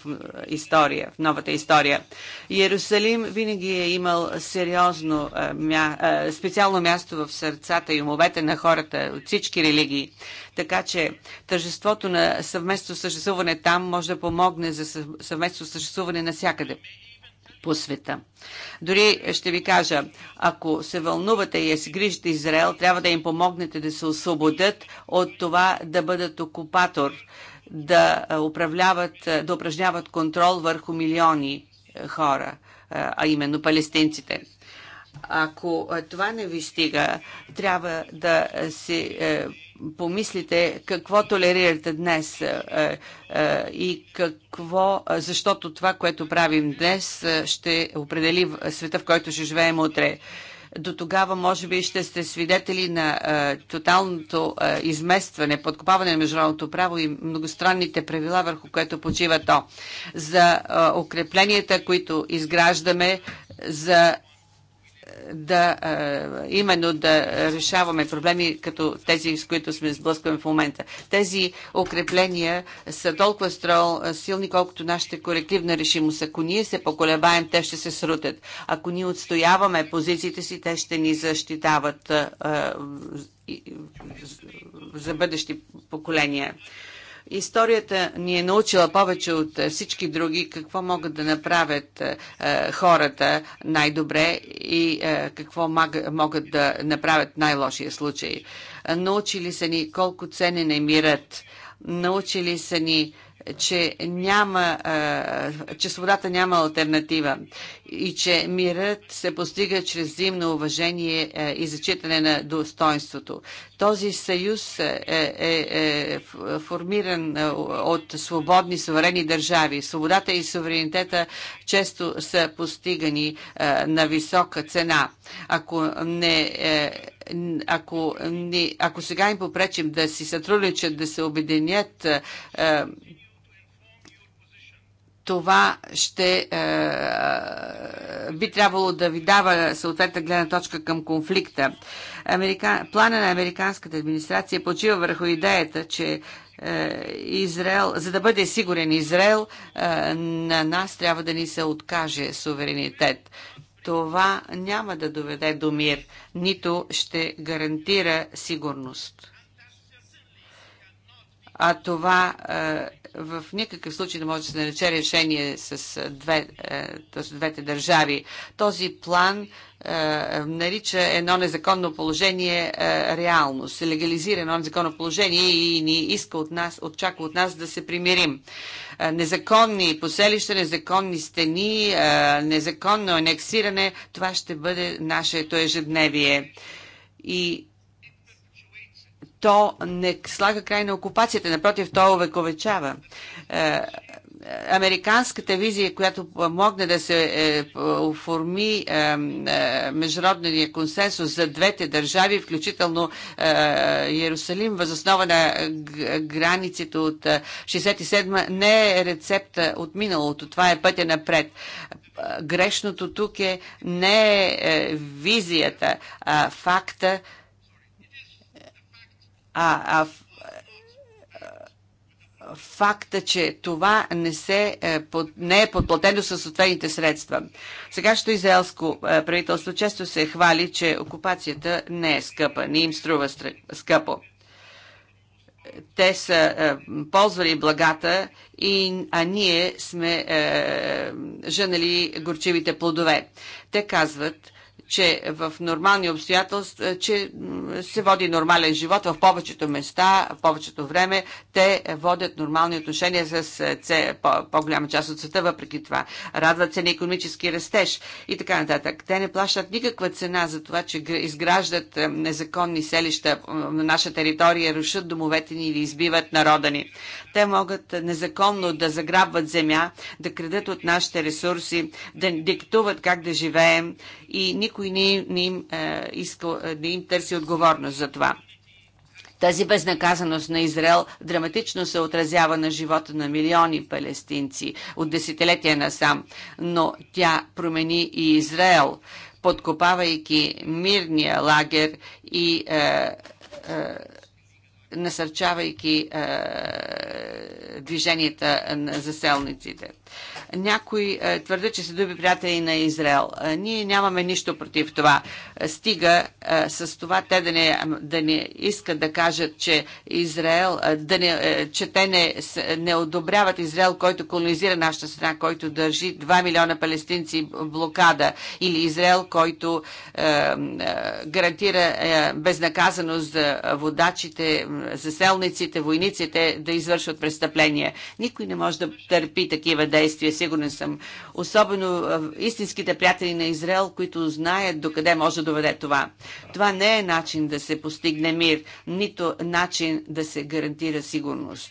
история, в новата история. Иерусалим винаги е имал сериозно, мя, специално място в сърцата и умовете на хората от всички религии. Така че тържеството на съвместно съществуване там може може да помогне за съвместно съществуване навсякъде по света. Дори ще ви кажа, ако се вълнувате и се грижите Израел, трябва да им помогнете да се освободят от това да бъдат окупатор, да, управляват, да упражняват контрол върху милиони хора, а именно палестинците. Ако това не ви стига, трябва да се е, помислите какво толерирате днес е, е, е и какво, е, защото това, което правим днес, е, ще определи света, в който ще живеем утре. До тогава, може би, ще сте свидетели на е, тоталното е, изместване, подкопаване на международното право и многостранните правила, върху което почива то. За е, укрепленията, които изграждаме, за да, е, именно да решаваме проблеми като тези, с които сме сблъскваме в момента. Тези укрепления са толкова строл, е, силни, колкото нашата корективна решимост. Ако ние се поколебаем, те ще се срутят. Ако ние отстояваме позициите си, те ще ни защитават е, за бъдещи поколения. Историята ни е научила повече от е, всички други какво могат да направят е, е, хората най-добре и какво могат да направят най-лошия случай. Научили са ни колко ценен е мирът. Научили са ни че, няма, че свободата няма альтернатива и че мирът се постига чрез взаимно уважение и зачитане на достоинството. Този съюз е, е, е формиран от свободни, суверени държави. Свободата и суверенитета често са постигани на висока цена. Ако не е, ако, ни, ако сега им попречим да си сътрудничат, да се обединят, е, това ще е, би трябвало да ви дава съответна гледна точка към конфликта. Америка... Плана на американската администрация почива върху идеята, че е, Израел, за да бъде сигурен Израел, е, на нас трябва да ни се откаже суверенитет. Това няма да доведе до мир, нито ще гарантира сигурност а това е, в никакъв случай не може да се нарече решение с, е, две, е, двете държави. Този план нарича едно незаконно положение реалност, легализира едно незаконно положение и ни иска от нас, очаква от нас да се примирим. Незаконни поселища, незаконни стени, незаконно анексиране, това ще бъде нашето ежедневие. И то не слага край на окупацията, напротив, то увековечава. Е, е, американската визия, която помогне да се е, оформи международния консенсус за двете държави, включително Иерусалим, възоснова на границите от 67 не е рецепта от миналото. Това е пътя напред. Грешното тук е не е визията, а факта, а, а факта, че това не, се, е, не е подплатено със съответните средства. Сегашното израелско е, правителство често се хвали, че окупацията не е скъпа, не им струва скъпо. Те са е, ползвали благата, и, а ние сме е, женали горчивите плодове. Те казват, че в нормални обстоятелства, е, че се води нормален живот в повечето места, в повечето време, те водят нормални отношения с е, по-голяма част от света, въпреки това. Радват се на економически растеж и така нататък. Те не плащат никаква цена за това, че изграждат е, незаконни селища на наша територия, рушат домовете ни или избиват народа ни. Те могат незаконно да заграбват земя, да крадат от нашите ресурси, да диктуват как да живеем и никой никой не, не им, е, а, искал, е, не им търси отговорност за това. Тази безнаказаност на Израел драматично се отразява на живота на милиони палестинци от десетилетия насам, но тя промени и Израел, подкопавайки мирния лагер и е, е, насърчавайки е, движенията на заселниците. Някои е, твърдят, че се доби приятели на Израел. Е, ние нямаме нищо против това. Е, стига с това те да не, да не искат да кажат, че Израел, да не, че те не, не одобряват Израел, който колонизира нашата страна, който държи 2 милиона палестинци блокада или Израел, който е, гарантира е, безнаказаност за водачите, заселниците, войниците да извършват престъпления. Никой не може да търпи такива действия сигурен съм. Особено истинските приятели на Израел, които знаят докъде може да доведе това. Това не е начин да се постигне мир, нито начин да се гарантира сигурност.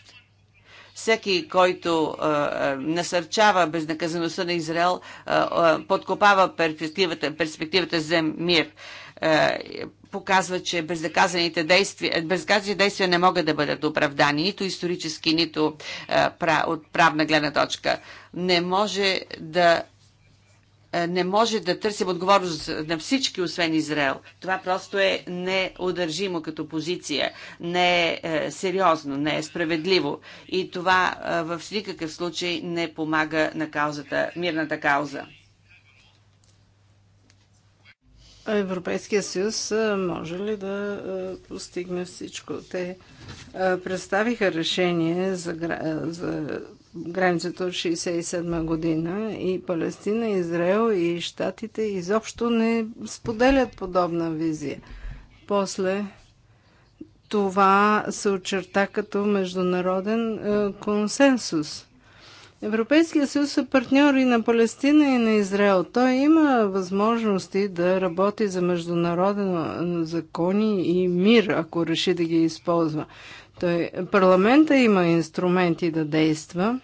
Всеки, който а, насърчава безнаказаността на Израел, а, подкопава перспективата, перспективата за мир показва, че безнаказаните действия, безнаказаните действия не могат да бъдат оправдани нито исторически, нито а, пра, от правна гледна точка. Не може да не може да търсим отговорност на всички, освен Израел. Това просто е неудържимо като позиция, не е, е сериозно, не е справедливо. И това в никакъв случай не помага на каузата, мирната кауза. Европейския съюз може ли да постигне всичко? Те представиха решение за, за границата от 1967 година и Палестина, Израел и Штатите изобщо не споделят подобна визия. После това се очерта като международен консенсус – Европейския съюз е партньор и на Палестина и на Израел. Той има възможности да работи за международен закони и мир, ако реши да ги използва. Той, парламента има инструменти да действа,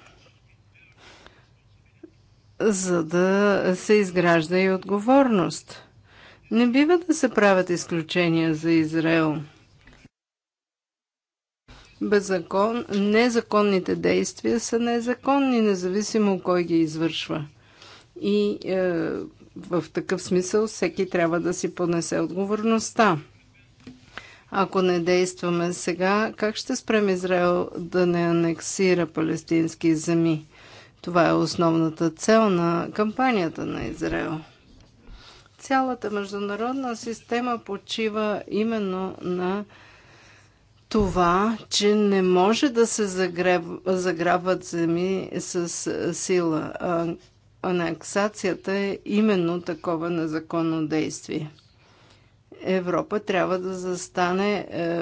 за да се изгражда и отговорност. Не бива да се правят изключения за Израел – беззакон, незаконните действия са незаконни, независимо кой ги извършва. И е, в такъв смисъл всеки трябва да си понесе отговорността. Ако не действаме сега, как ще спрем Израел да не анексира палестински земи? Това е основната цел на кампанията на Израел. Цялата международна система почива именно на това, че не може да се загреб, заграбват земи с сила. Анексацията е именно такова незаконно действие. Европа трябва да застане, е,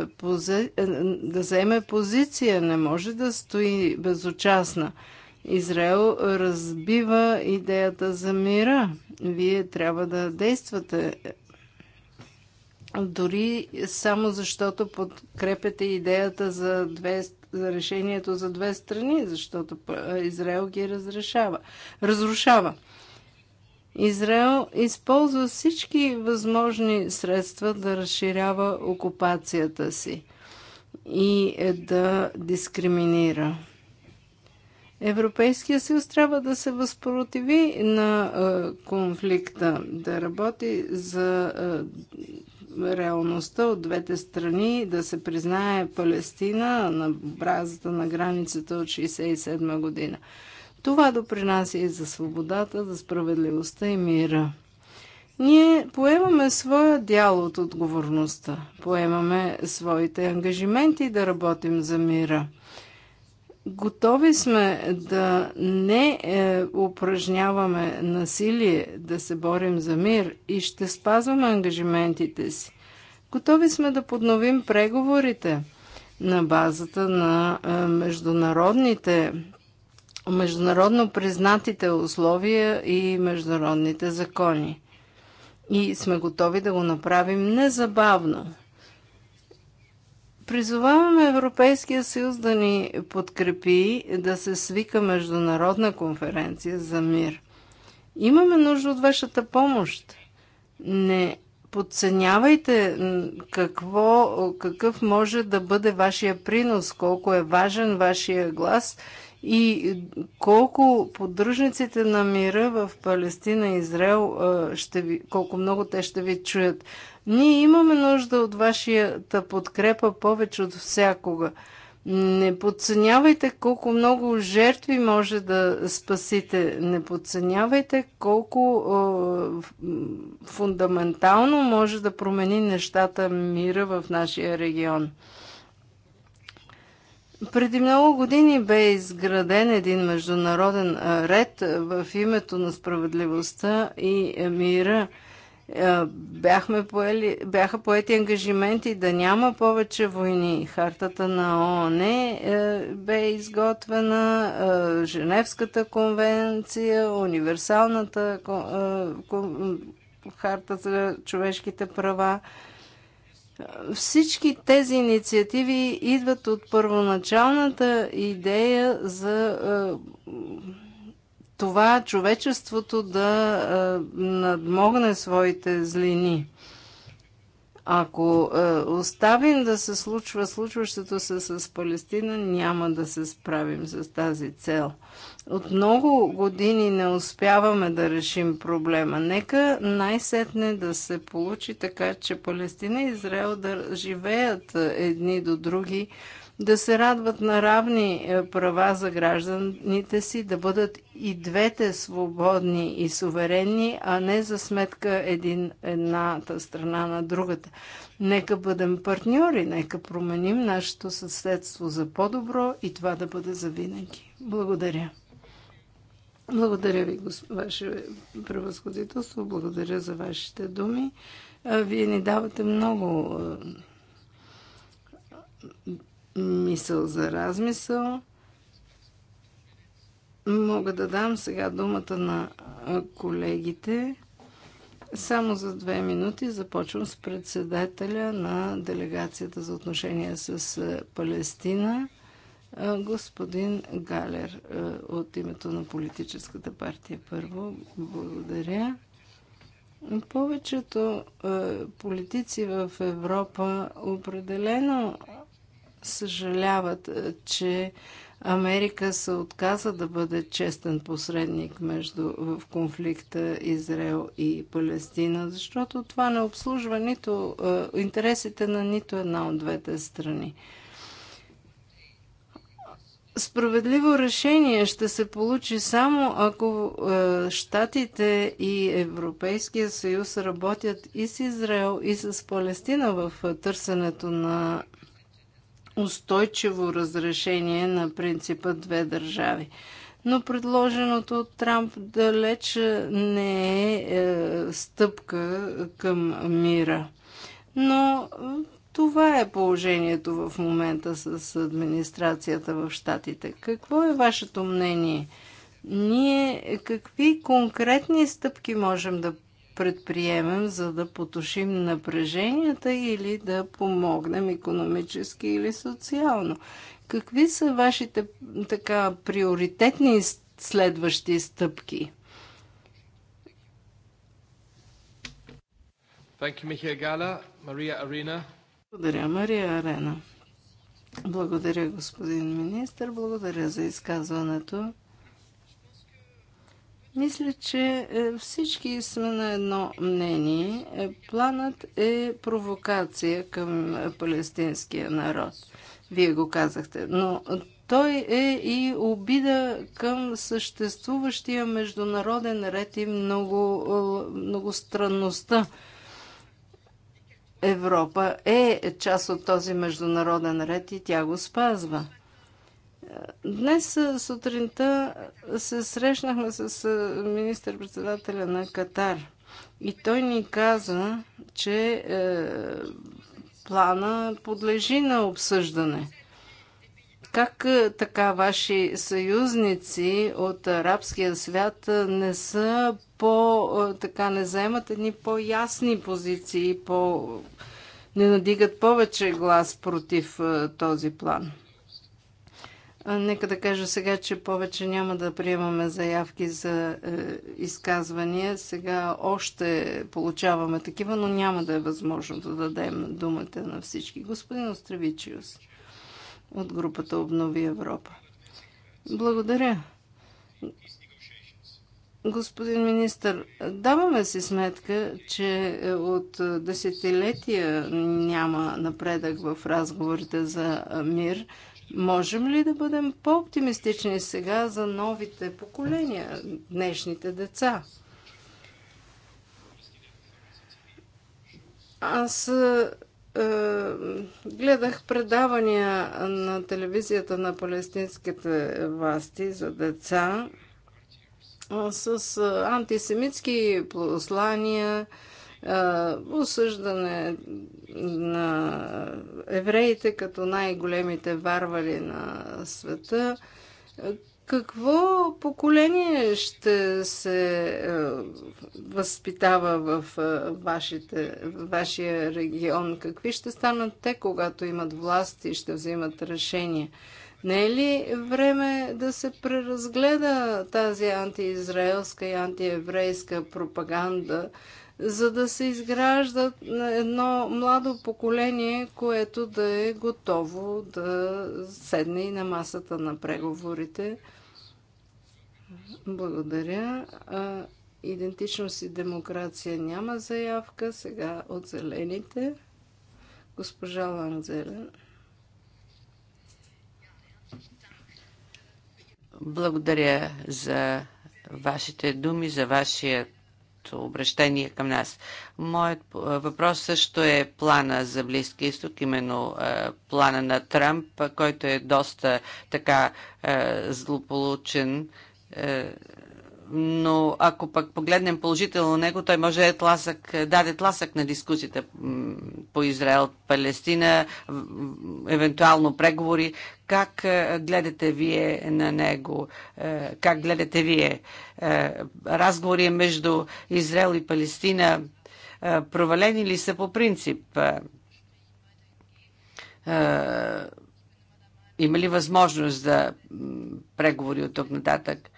е, да вземе позиция, не може да стои безучастна. Израел разбива идеята за мира. Вие трябва да действате дори само защото подкрепяте идеята за, две, за решението за две страни, защото Израел ги разрешава, разрушава. Израел използва всички възможни средства да разширява окупацията си и е да дискриминира. Европейския съюз трябва да се възпротиви на конфликта, да работи за реалността от двете страни, да се признае Палестина на бразата на границата от 1967 година. Това допринася и за свободата, за справедливостта и мира. Ние поемаме своя дял от отговорността, поемаме своите ангажименти да работим за мира – Готови сме да не е, упражняваме насилие, да се борим за мир и ще спазваме ангажиментите си. Готови сме да подновим преговорите на базата на е, международните, международно признатите условия и международните закони. И сме готови да го направим незабавно. Призоваваме Европейския съюз да ни подкрепи да се свика международна конференция за мир. Имаме нужда от вашата помощ. Не подценявайте какво, какъв може да бъде вашия принос, колко е важен вашия глас и колко поддръжниците на мира в Палестина и Израел ще ви, колко много те ще ви чуят. Ние имаме нужда от вашата подкрепа повече от всякога. Не подценявайте колко много жертви може да спасите. Не подценявайте колко е, фундаментално може да промени нещата мира в нашия регион. Преди много години бе изграден един международен е, ред е, в името на справедливостта и е, мира. Е, бяхме поели, бяха поети ангажименти да няма повече войни. Хартата на ООН е, е бе изготвена, е, Женевската конвенция, универсалната е, кон, харта за човешките права. Всички тези инициативи идват от първоначалната идея за е, това човечеството да е, надмогне своите злини. Ако е, оставим да се случва случващото се с Палестина, няма да се справим с тази цел. От много години не успяваме да решим проблема. Нека най-сетне да се получи така, че Палестина и Израел да живеят е, едни до други да се радват на равни е, права за гражданите си, да бъдат и двете свободни и суверенни, а не за сметка един, едната страна на другата. Нека бъдем партньори, нека променим нашето съседство за по-добро и това да бъде завинаги. Благодаря. Благодаря ви, госп... Ваше превъзходителство. Благодаря за вашите думи. Вие ни давате много мисъл за размисъл. Мога да дам сега думата на колегите. Само за две минути започвам с председателя на делегацията за отношения с Палестина, господин Галер, от името на политическата партия. Първо, благодаря. Повечето политици в Европа определено съжаляват, е, че Америка се отказа да бъде честен посредник между, в конфликта Израел и Палестина, защото това не обслужва нито е, интересите на нито една от двете страни. Справедливо решение ще се получи само ако е, Штатите и Европейския съюз работят и с Израел, и с Палестина в е, търсенето на устойчиво разрешение на принципа две държави. Но предложеното от Трамп далеч не е, е стъпка към мира. Но е, това е положението в момента с администрацията в Штатите. Какво е вашето мнение? Ние какви конкретни стъпки можем да предприемем, за да потушим напреженията или да помогнем економически или социално. Какви са вашите така приоритетни следващи стъпки? Благодаря, Мария Арена. Благодаря, господин министр. Благодаря за изказването. Мисля, че е, всички сме на едно мнение. Е, планът е провокация към е, палестинския народ. Вие го казахте. Но той е и обида към съществуващия международен ред и много, многостранността. Европа е част от този международен ред и тя го спазва. Днес е, сутринта се срещнахме с е, министър-председателя на Катар и той ни каза, че е, плана подлежи на обсъждане. Как е, така ваши съюзници от арабския свят не са по, така не заемат едни по-ясни позиции, по, не надигат повече глас против този план? Нека да кажа сега, че повече няма да приемаме заявки за е, изказвания. Сега още получаваме такива, но няма да е възможно да дадем думата на всички. Господин Остравичиус от групата Обнови Европа. Благодаря. Господин министр, даваме си сметка, че е, от десетилетия няма напредък в разговорите за е, мир – Можем ли да бъдем по-оптимистични сега за новите поколения, днешните деца? Аз е, е гледах предавания на телевизията на палестинските власти за деца с е, антисемитски послания, осъждане на евреите като най-големите варвари на света. Какво поколение ще се възпитава в вашите, вашия регион? Какви ще станат те, когато имат власт и ще взимат решения? Не е ли време да се преразгледа тази антиизраелска и антиеврейска пропаганда, за да се изгражда едно младо поколение, което да е готово да седне и на масата на преговорите. Благодаря. Идентичност и демокрация няма заявка. Сега от зелените. Госпожа Ланзелен. Благодаря за вашите думи, за вашия обращение към нас. Моят въпрос също е плана за Близки изток, именно е, плана на Тръмп, който е доста така е, злополучен. Е, но ако пък погледнем положително него, той може да е тласък, даде тласък на дискусията по Израел, Палестина, евентуално преговори. Как гледате вие на него? Е, как гледате вие? Е, разговори между Израел и Палестина е, провалени ли са по принцип? Има ли възможност за преговори от тук нататък?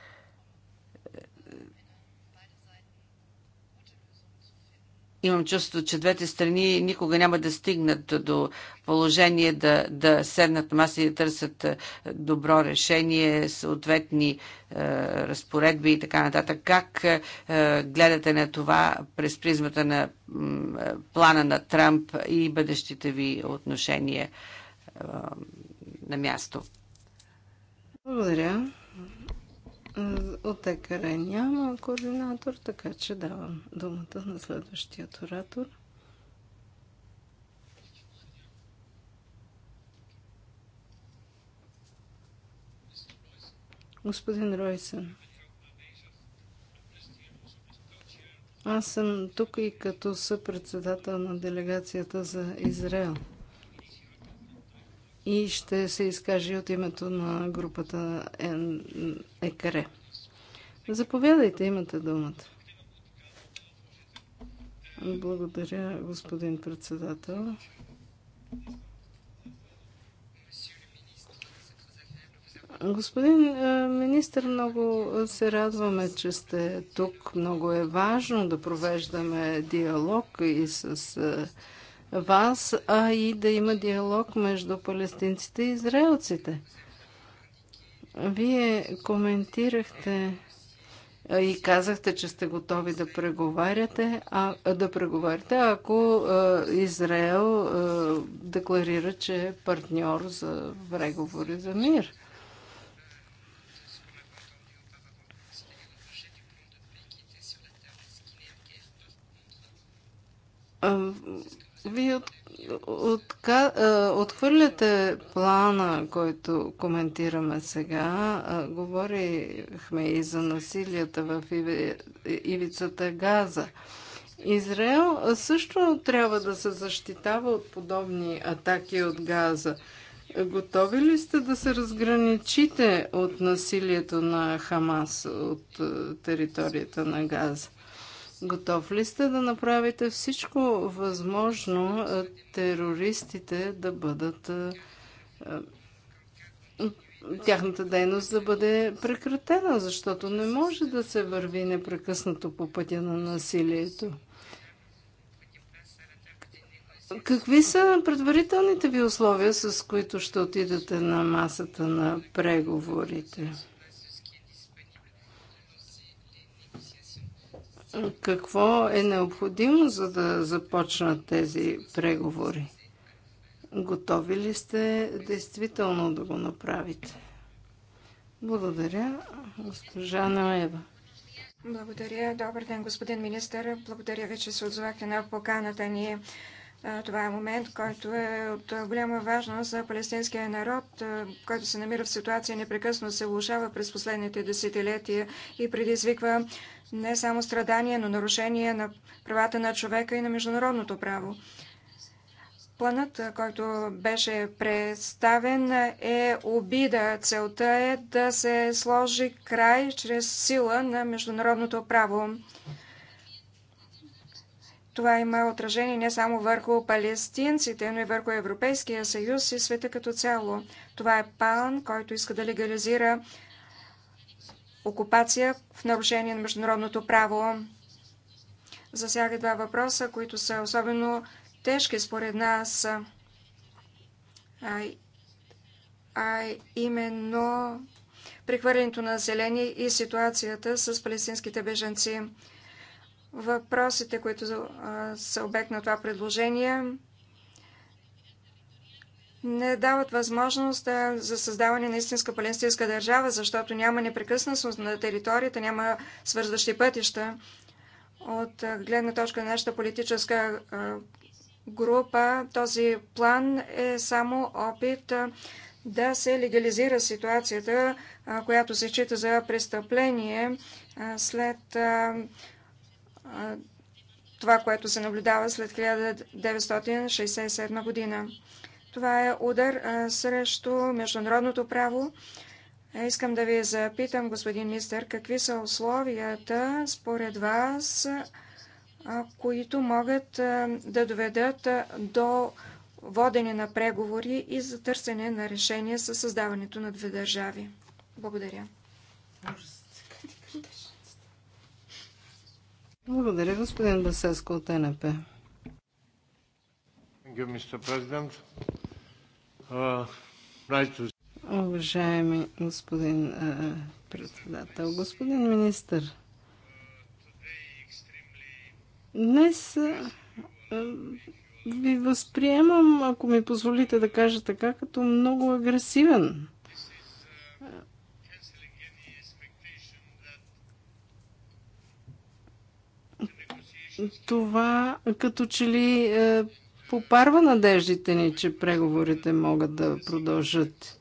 имам чувство, че двете страни никога няма да стигнат до положение да, да седнат на маса и да търсят е, добро решение, съответни е, разпоредби и така нататък. Как е, е гледате на това през призмата на е, плана на Трамп и бъдещите ви отношения е, на място? Благодаря. От екаре няма координатор, така че давам думата на следващия оратор. Господин Ройсен. Аз съм тук и като съпредседател на делегацията за Израел и ще се изкаже от името на групата ЕКРЕ. Е. Заповядайте, имате думата. Благодаря, господин председател. Господин е, министр, много се радваме, че сте тук. Много е важно да провеждаме диалог и с е, вас, а и да има диалог между палестинците и израелците. Вие коментирахте и казахте, че сте готови да преговаряте, а, да преговаряте, ако а, Израел а, декларира, че е партньор за преговори за мир. А, вие от, от, е, отхвърляте плана, който коментираме сега. Е, говорихме и за насилията в ивицата Газа. Израел също трябва да се защитава от подобни атаки от Газа. Готови ли сте да се разграничите от насилието на Хамас от е, територията на Газа? Готов ли сте да направите всичко възможно терористите да бъдат тяхната дейност да бъде прекратена, защото не може да се върви непрекъснато по пътя на насилието. Какви са предварителните ви условия, с които ще отидете на масата на преговорите? какво е необходимо, за да започнат тези преговори? Готови ли сте действително да го направите? Благодаря, госпожа Наева. Благодаря. Добър ден, господин министър. Благодаря ви, че се отзовахте на поканата ни. Това е момент, който е от голяма важност за палестинския народ, който се намира в ситуация непрекъсно се влушава през последните десетилетия и предизвиква не само страдания, но нарушение на правата на човека и на международното право. Планът, който беше представен, е обида. Целта е да се сложи край чрез сила на международното право. Това има отражение не само върху палестинците, но и върху Европейския съюз и света като цяло. Това е пан, който иска да легализира окупация в нарушение на международното право. Засяга два въпроса, които са особено тежки според нас, а, а именно прехвърлянето на население и ситуацията с палестинските беженци. Въпросите, които са обект на това предложение, не дават възможност за създаване на истинска палестинска държава, защото няма непрекъснатост на територията, няма свързващи пътища. От гледна точка на нашата политическа група, този план е само опит да се легализира ситуацията, която се счита за престъпление след това, което се наблюдава след 1967 година. Това е удар срещу международното право. Е, искам да ви запитам, господин мистер, какви са условията според вас, които могат да доведат до водене на преговори и за търсене на решение със създаването на две държави. Благодаря. Благодаря, господин Басеско от НП. Uh, Уважаеми господин председател, господин министр, днес ви възприемам, ако ми позволите да кажа така, като много агресивен това като че ли е, попарва надеждите ни, че преговорите могат да продължат.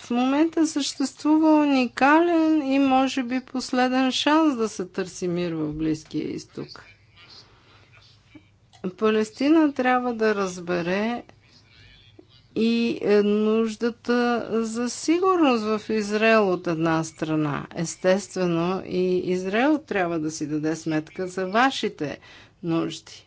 В момента съществува уникален и може би последен шанс да се търси мир в Близкия изток. Палестина трябва да разбере, и е, нуждата за сигурност в Израел от една страна. Естествено, и Израел трябва да си даде сметка за вашите нужди.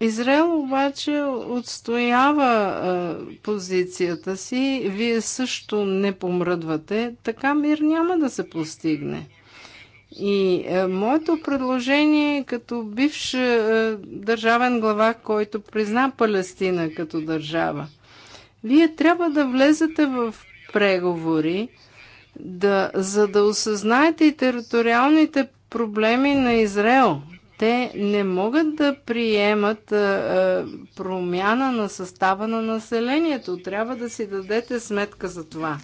Израел обаче отстоява а, е, позицията си, вие също не помръдвате, така мир няма да се постигне. И е, моето предложение е като бивш е, държавен глава, който призна Палестина като държава, вие трябва да влезете в преговори, да, за да осъзнаете и териториалните проблеми на Израел. Те не могат да приемат а, е, е, промяна на състава на населението. Трябва да си дадете сметка за това.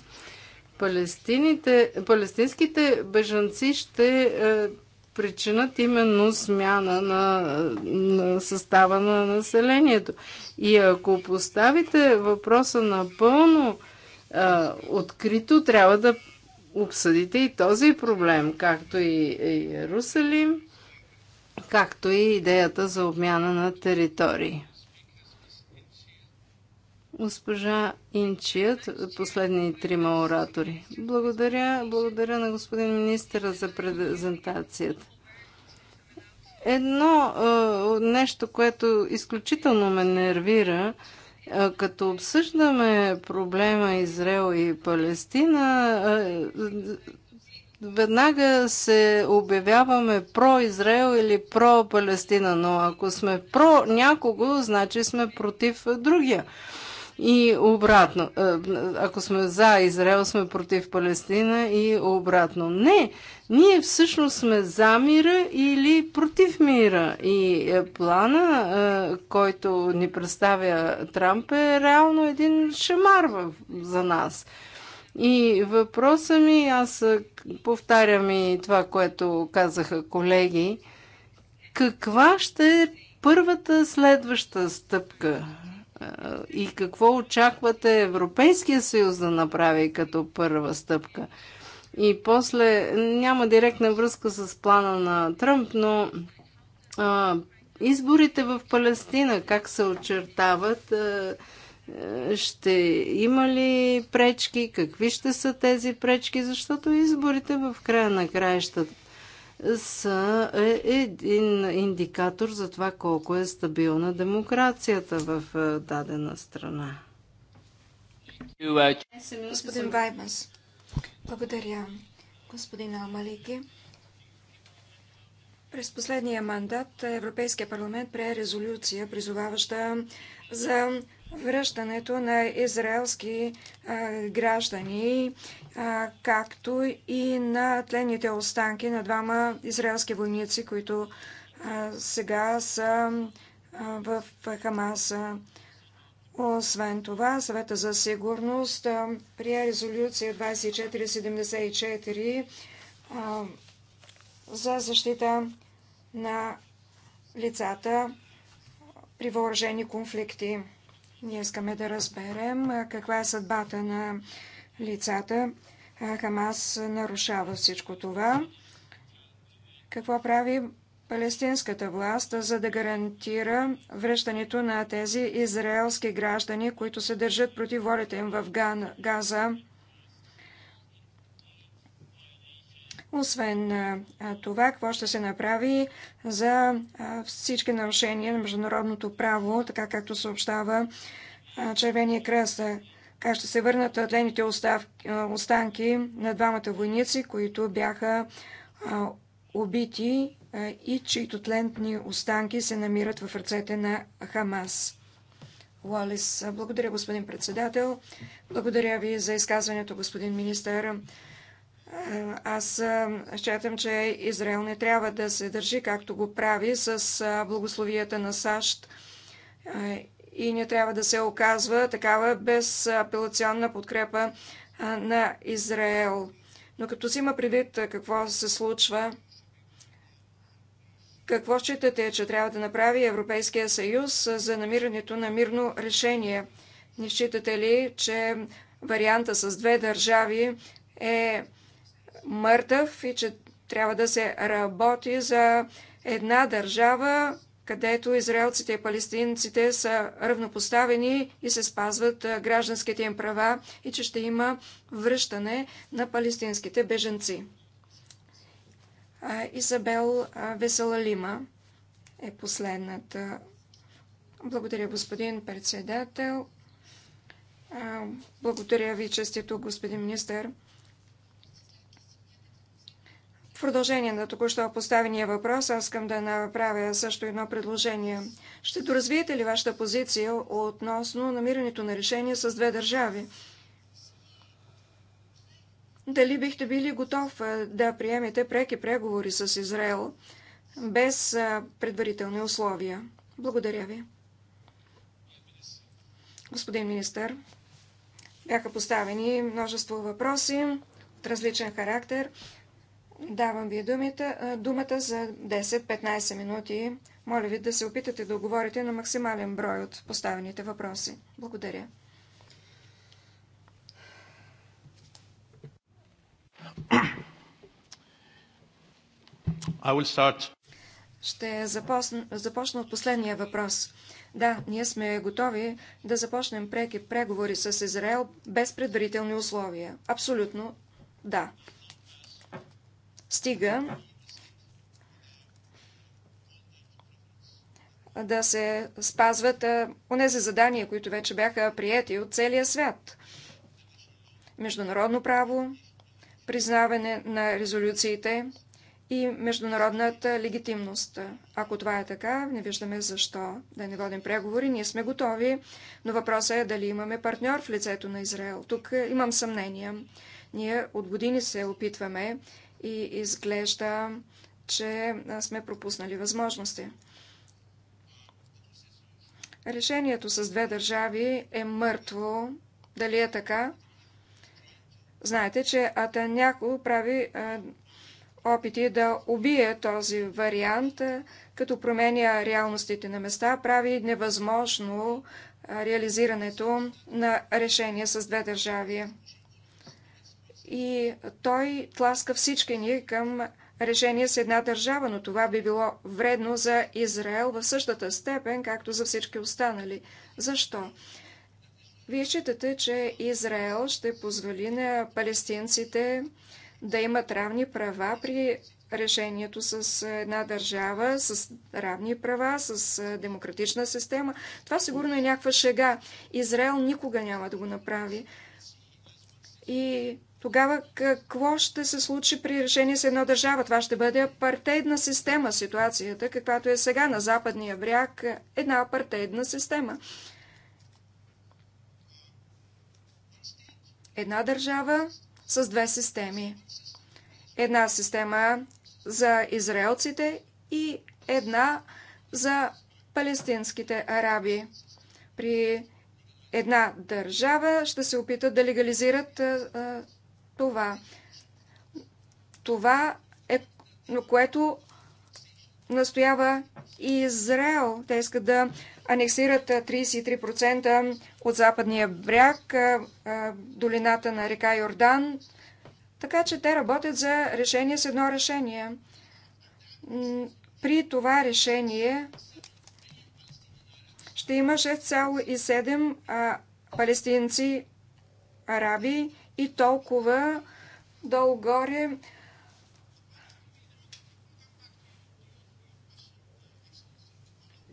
Палестините, палестинските бежанци ще е, причинат именно смяна на, на състава на населението. И ако поставите въпроса напълно а, е, открито, трябва да обсъдите и този проблем, както и Иерусалим, както и идеята за обмяна на територии. Госпожа Инчият, последни трима оратори. Благодаря, благодаря на господин министъра за презентацията. Едно е, нещо, което изключително ме нервира, е, като обсъждаме проблема Израел и Палестина, е, веднага се обявяваме про-Израел или про-Палестина, но ако сме про някого, значи сме против другия. И обратно, е, ако сме за Израел, сме против Палестина и обратно. Не, ние всъщност сме за мира или против мира. И е, плана, е, който ни представя Трамп, е реално един шамар за нас. И въпроса ми, аз повтарям и това, което казаха колеги, каква ще е първата следваща стъпка? и какво очаквате Европейския съюз да направи като първа стъпка. И после няма директна връзка с плана на Тръмп, но а, изборите в Палестина как се очертават? А, ще има ли пречки? Какви ще са тези пречки? Защото изборите в края на краищата са е един индикатор за това колко е стабилна демокрацията в е, дадена страна. Господин Ваймас, благодаря. Господин Амалики, през последния мандат Европейския парламент прие резолюция, призоваваща за връщането на израелски граждани, както и на тленните останки на двама израелски войници, които сега са в Хамаса. Освен това, съвета за сигурност прия резолюция 2474 за защита на лицата при въоръжени конфликти. Ние искаме да разберем каква е съдбата на лицата. Хамас нарушава всичко това. Какво прави палестинската власт, за да гарантира връщането на тези израелски граждани, които се държат против волята им в Газа? Освен това, какво ще се направи за всички нарушения на международното право, така както съобщава Червения кръст, как ще се върнат тлените останки на двамата войници, които бяха убити и чието тлентни останки се намират в ръцете на Хамас. Уолис, благодаря господин председател. Благодаря ви за изказването, господин министър. Аз считам, че Израел не трябва да се държи както го прави с благословията на САЩ и не трябва да се оказва такава безапелационна подкрепа на Израел. Но като си има предвид какво се случва, какво считате, че трябва да направи Европейския съюз за намирането на мирно решение? Не считате ли, че варианта с две държави е мъртъв и че трябва да се работи за една държава, където израелците и палестинците са равнопоставени и се спазват гражданските им права и че ще има връщане на палестинските беженци. Изабел Веселалима е последната. Благодаря, господин председател. Благодаря ви, честито, господин министър продължение на току-що поставения въпрос, аз искам да направя също едно предложение. Ще доразвиете ли вашата позиция относно намирането на решение с две държави? Дали бихте били готов да приемете преки преговори с Израел без предварителни условия? Благодаря ви. Господин министър, бяха поставени множество въпроси от различен характер. Давам ви думата, думата за 10-15 минути. Моля ви да се опитате да отговорите на максимален брой от поставените въпроси. Благодаря. Ще започна, започна от последния въпрос. Да, ние сме готови да започнем преки преговори с Израел без предварителни условия. Абсолютно да стига да се спазват онези задания, които вече бяха приети от целия свят. Международно право, признаване на резолюциите и международната легитимност. Ако това е така, не виждаме защо да не водим преговори. Ние сме готови, но въпросът е дали имаме партньор в лицето на Израел. Тук е, имам съмнения. Ние от години се опитваме и изглежда, че сме пропуснали възможности. Решението с две държави е мъртво. Дали е така? Знаете, че Атаняко прави опити да убие този вариант, като променя реалностите на места, прави невъзможно реализирането на решение с две държави и той тласка всички ни към решение с една държава, но това би било вредно за Израел в същата степен, както за всички останали. Защо? Вие считате, че Израел ще позволи на палестинците да имат равни права при решението с една държава, с равни права, с демократична система. Това сигурно е някаква шега. Израел никога няма да го направи. И тогава какво ще се случи при решение с една държава? Това ще бъде апартейдна система, ситуацията, каквато е сега на западния бряг, е една апартейдна система. Една държава с две системи. Една система за израелците и една за палестинските араби. При една държава ще се опитат да легализират това. Това е на което настоява и Израел. Те искат да анексират 33% от западния бряг, долината на река Йордан. Така че те работят за решение с едно решение. При това решение ще има 6,7 палестинци араби и толкова долу-горе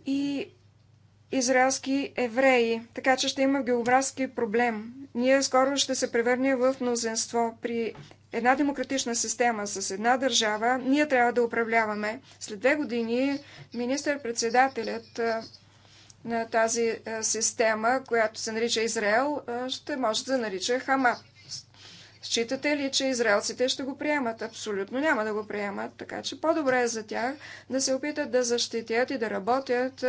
и израелски евреи, така че ще има географски проблем. Ние скоро ще се превърнем в мнозинство. При една демократична система с една държава ние трябва да управляваме. След две години министър-председателят на тази система, която се нарича Израел, ще може да нарича Хамат. Считате ли, че израелците ще го приемат? Абсолютно няма да го приемат, така че по-добре е за тях да се опитат да защитят и да работят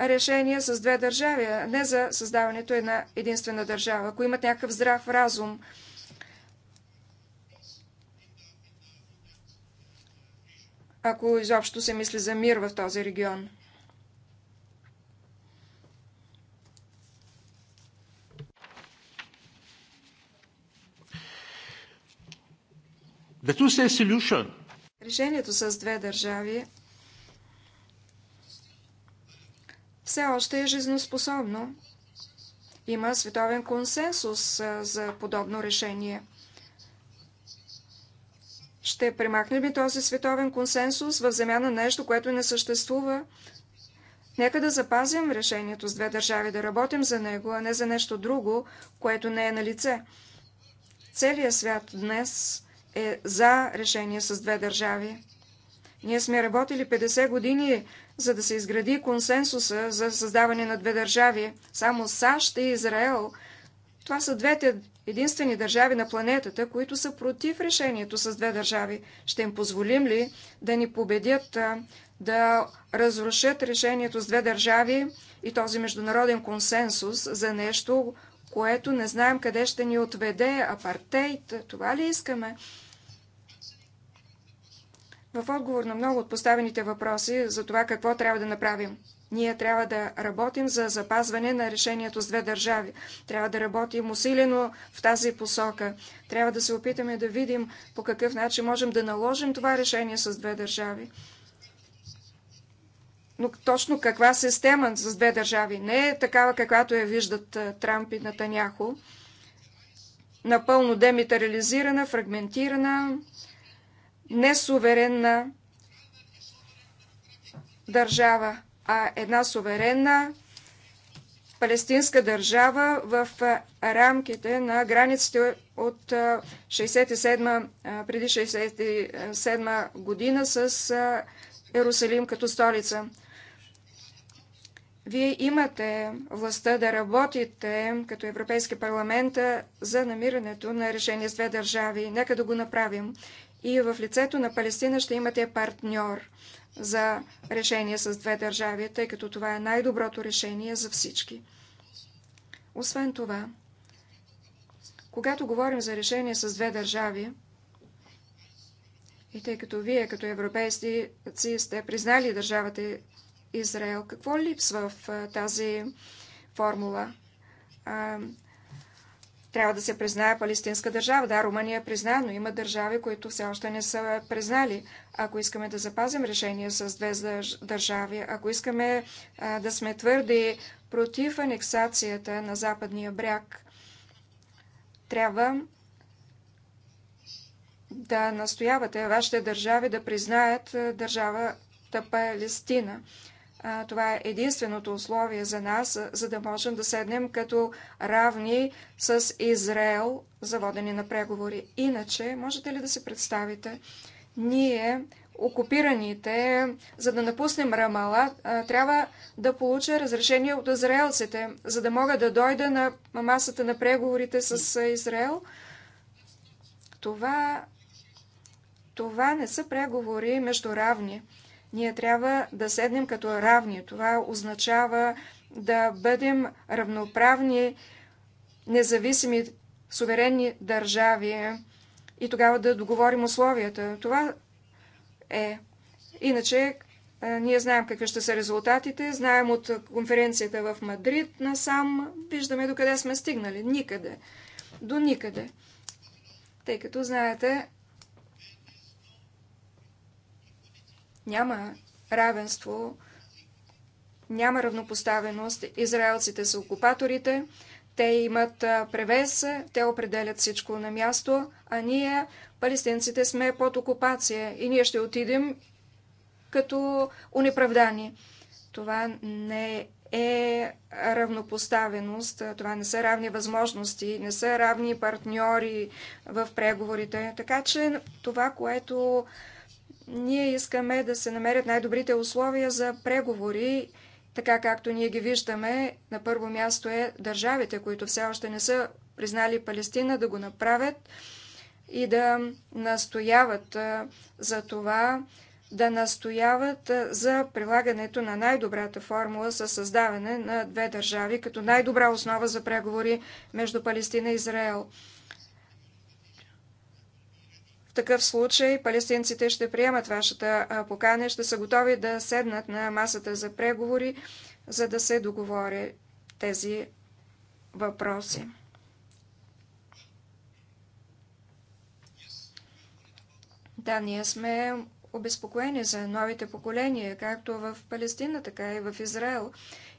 решения с две държави, не за създаването една единствена държава, ако имат някакъв здрав разум. Ако изобщо се мисли за мир в този регион. The two-state solution. Решението с две държави все още е жизнеспособно. Има световен консенсус за подобно решение. Ще примахнем ли този световен консенсус в земя на нещо, което не съществува? Нека да запазим решението с две държави, да работим за него, а не за нещо друго, което не е на лице. Целият свят днес е за решение с две държави. Ние сме работили 50 години, за да се изгради консенсуса за създаване на две държави. Само САЩ и Израел. Това са двете единствени държави на планетата, които са против решението с две държави. Ще им позволим ли да ни победят, да разрушат решението с две държави и този международен консенсус за нещо, което не знаем къде ще ни отведе, апартейт, това ли искаме? В отговор на много от поставените въпроси за това какво трябва да направим. Ние трябва да работим за запазване на решението с две държави. Трябва да работим усилено в тази посока. Трябва да се опитаме да видим по какъв начин можем да наложим това решение с две държави но точно каква система с две държави? Не е такава, каквато я виждат е, Трамп и Натаняхо. Напълно демитарализирана, фрагментирана, несуверенна държава, а една суверенна палестинска държава в е, рамките на границите от 67, е, преди 67 година с Ерусалим като столица. Вие имате властта да работите като Европейски парламент за намирането на решение с две държави. Нека да го направим. И в лицето на Палестина ще имате партньор за решение с две държави, тъй като това е най-доброто решение за всички. Освен това, когато говорим за решение с две държави, и тъй като вие като европейски сте признали държавата Израел. Какво липсва в тази формула? Трябва да се признае палестинска държава. Да, Румъния е призна, но има държави, които все още не са признали. Ако искаме да запазим решение с две държави, ако искаме да сме твърди против анексацията на западния бряг, трябва да настоявате вашите държави да признаят държавата Палестина. Това е единственото условие за нас, за да можем да седнем като равни с Израел за водени на преговори. Иначе, можете ли да се представите, ние, окупираните, за да напуснем Рамала, трябва да получа разрешение от израелците, за да мога да дойда на масата на преговорите с Израел. Това, това не са преговори между равни. Ние трябва да седнем като равни. Това означава да бъдем равноправни, независими, суверенни държави и тогава да договорим условията. Това е. Иначе е, ние знаем какви ще са резултатите, знаем от конференцията в Мадрид насам, виждаме докъде сме стигнали. Никъде. До никъде. Тъй като знаете, няма равенство, няма равнопоставеност. Израелците са окупаторите, те имат превес, те определят всичко на място, а ние, палестинците, сме под окупация и ние ще отидем като унеправдани. Това не е равнопоставеност, това не са равни възможности, не са равни партньори в преговорите. Така че това, което ние искаме да се намерят най-добрите условия за преговори, така както ние ги виждаме. На първо място е държавите, които все още не са признали Палестина, да го направят и да настояват за това, да настояват за прилагането на най-добрата формула за създаване на две държави като най-добра основа за преговори между Палестина и Израел. В такъв случай палестинците ще приемат вашата покана и ще са готови да седнат на масата за преговори, за да се договори тези въпроси. Да, ние сме обезпокоени за новите поколения, както в Палестина, така и в Израел.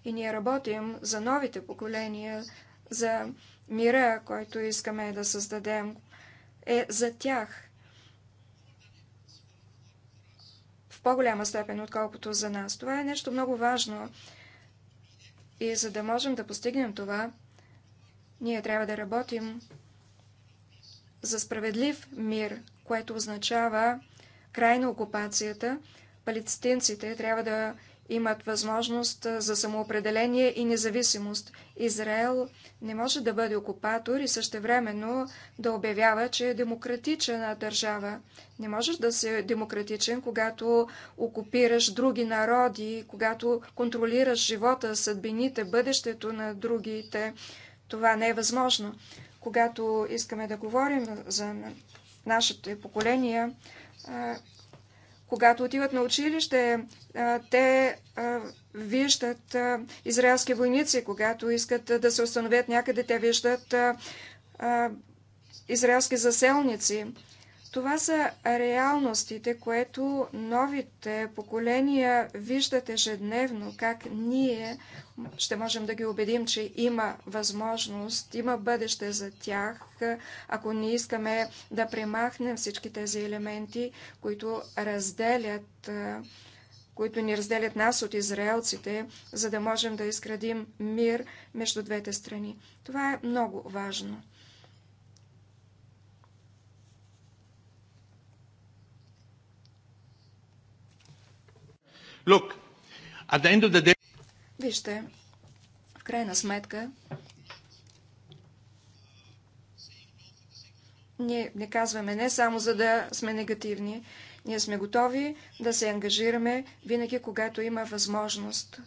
И ние работим за новите поколения, за мира, който искаме да създадем, е за тях. по-голяма степен, отколкото за нас. Това е нещо много важно. И за да можем да постигнем това, ние трябва да работим за справедлив мир, което означава край на окупацията. Палестинците трябва да имат възможност за самоопределение и независимост. Израел не може да бъде окупатор и същевременно да обявява, че е демократична държава. Не можеш да си демократичен, когато окупираш други народи, когато контролираш живота, съдбините, бъдещето на другите. Това не е възможно. Когато искаме да говорим за нашите поколения, когато отиват на училище, те виждат израелски войници, когато искат да се установят някъде, те виждат израелски заселници. Това са реалностите, което новите поколения виждат ежедневно, как ние ще можем да ги убедим, че има възможност, има бъдеще за тях, ако не искаме да премахнем всички тези елементи, които разделят които ни разделят нас от израелците, за да можем да изградим мир между двете страни. Това е много важно. Look, at the end of the day... Вижте, в крайна сметка, ние не казваме не само за да сме негативни, ние сме готови да се ангажираме винаги, когато има възможност.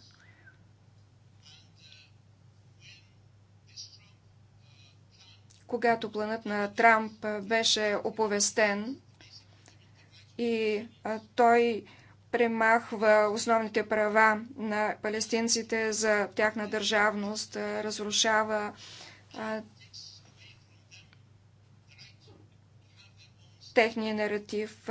Когато планът на Трамп беше оповестен и той премахва основните права на палестинците за тяхна държавност, разрушава техния наратив,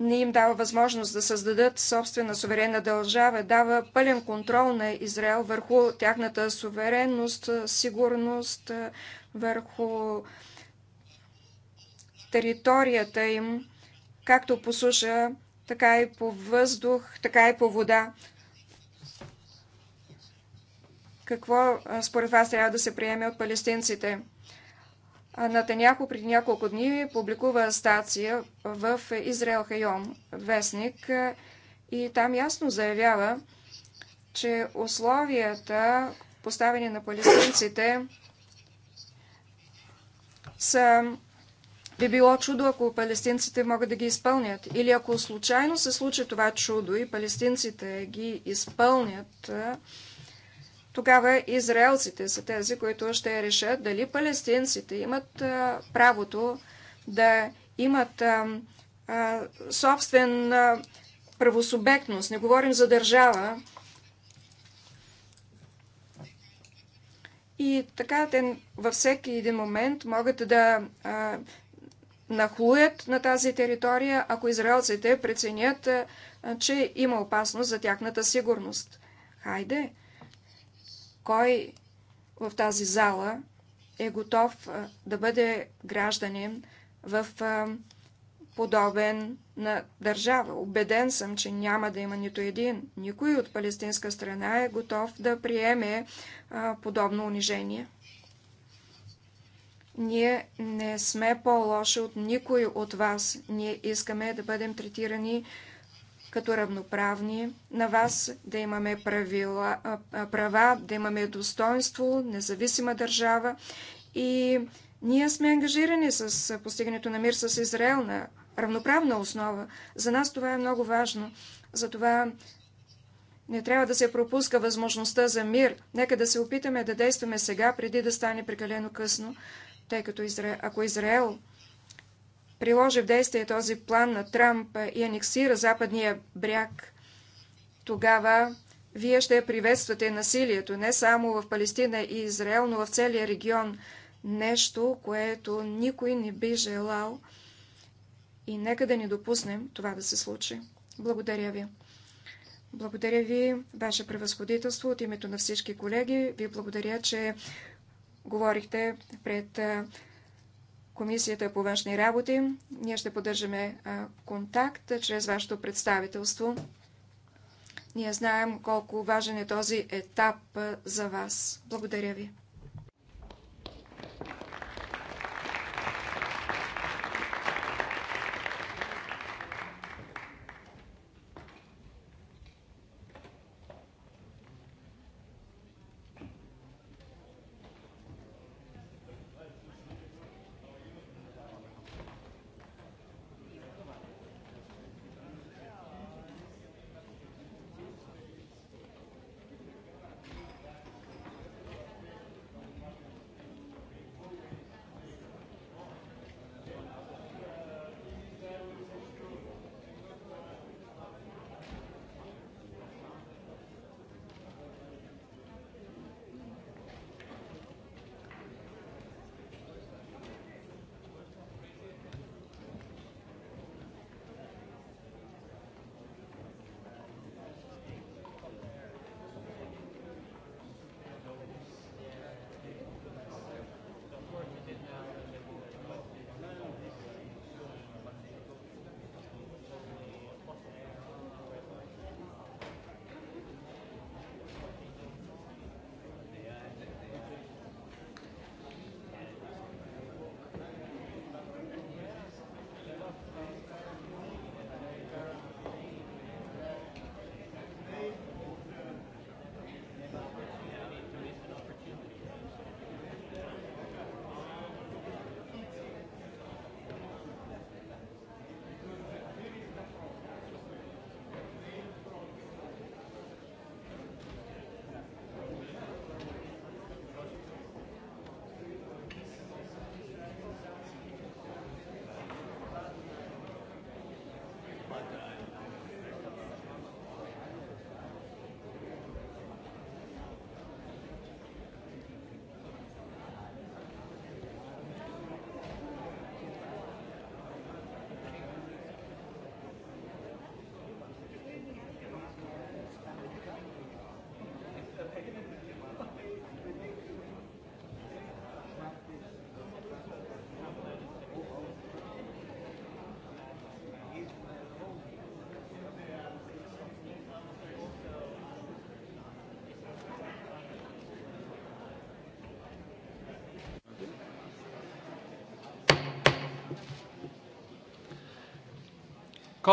не им дава възможност да създадат собствена суверенна държава, дава пълен контрол на Израел върху тяхната суверенност, сигурност, върху територията им, както по суша, така и по въздух, така и по вода. Какво според вас трябва да се приеме от палестинците? Натаняко преди няколко дни публикува стация в Израел Хайом, вестник, и там ясно заявява, че условията, поставени на палестинците, са би било чудо, ако палестинците могат да ги изпълнят. Или ако случайно се случи това чудо и палестинците ги изпълнят, тогава израелците са тези, които ще решат дали палестинците имат правото да имат собствен правосубектност. Не говорим за държава. И така те във всеки един момент могат да а, нахлуят на тази територия, ако израелците преценят, че има опасност за тяхната сигурност. Хайде! Кой в тази зала е готов да бъде гражданин в подобен на държава. Обеден съм, че няма да има нито един. Никой от палестинска страна е готов да приеме подобно унижение. Ние не сме по-лоши от никой от вас. Ние искаме да бъдем третирани като равноправни на вас, да имаме правила, права, да имаме достоинство, независима държава. И ние сме ангажирани с постигането на мир с Израел на равноправна основа. За нас това е много важно. Затова не трябва да се пропуска възможността за мир. Нека да се опитаме да действаме сега, преди да стане прекалено късно тъй като Изра... ако Израел приложи в действие този план на Трамп и анексира западния бряг, тогава вие ще приветствате насилието не само в Палестина и Израел, но в целия регион. Нещо, което никой не би желал. И нека да не допуснем това да се случи. Благодаря ви. Благодаря ви, Ваше превъзходителство, от името на всички колеги. Ви благодаря, че говорихте пред Комисията по външни работи. Ние ще поддържаме контакт чрез вашето представителство. Ние знаем колко важен е този етап за вас. Благодаря ви.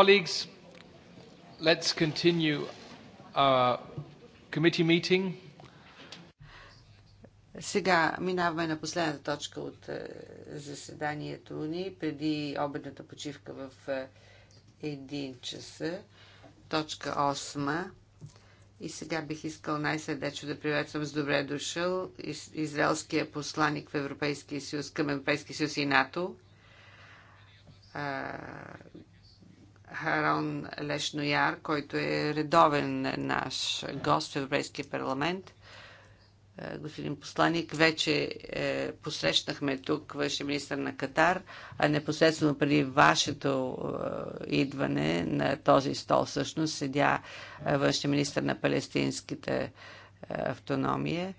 Colleagues, let's continue our committee meeting. Сега минаваме на последната точка от е, заседанието ни, преди обедната почивка в 1 е, часа, точка 8. И сега бих искал най-сърдечно да приветствам с добре дошъл израелския посланник в Европейския съюз, към Европейския съюз и НАТО, Харон Лешнояр, който е редовен наш гост в Европейския парламент. Е, господин посланик, вече е, посрещнахме тук външния министр на Катар, а непосредствено преди вашето е, идване на този стол всъщност седя въше външния министр на палестинските автономия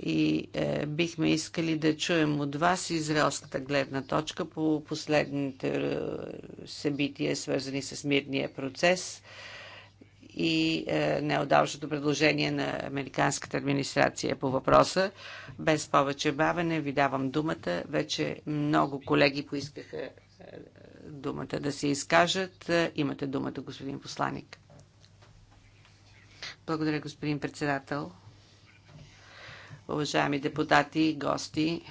и е, бихме искали да чуем от вас израелската гледна точка по последните е, събития, свързани с мирния процес и е, неодавшото предложение на американската администрация по въпроса. Без повече бавене ви давам думата. Вече много колеги поискаха е, думата да се изкажат. Е, имате думата, господин посланик. Благодаря, господин председател уважаеми депутати, гости. Е,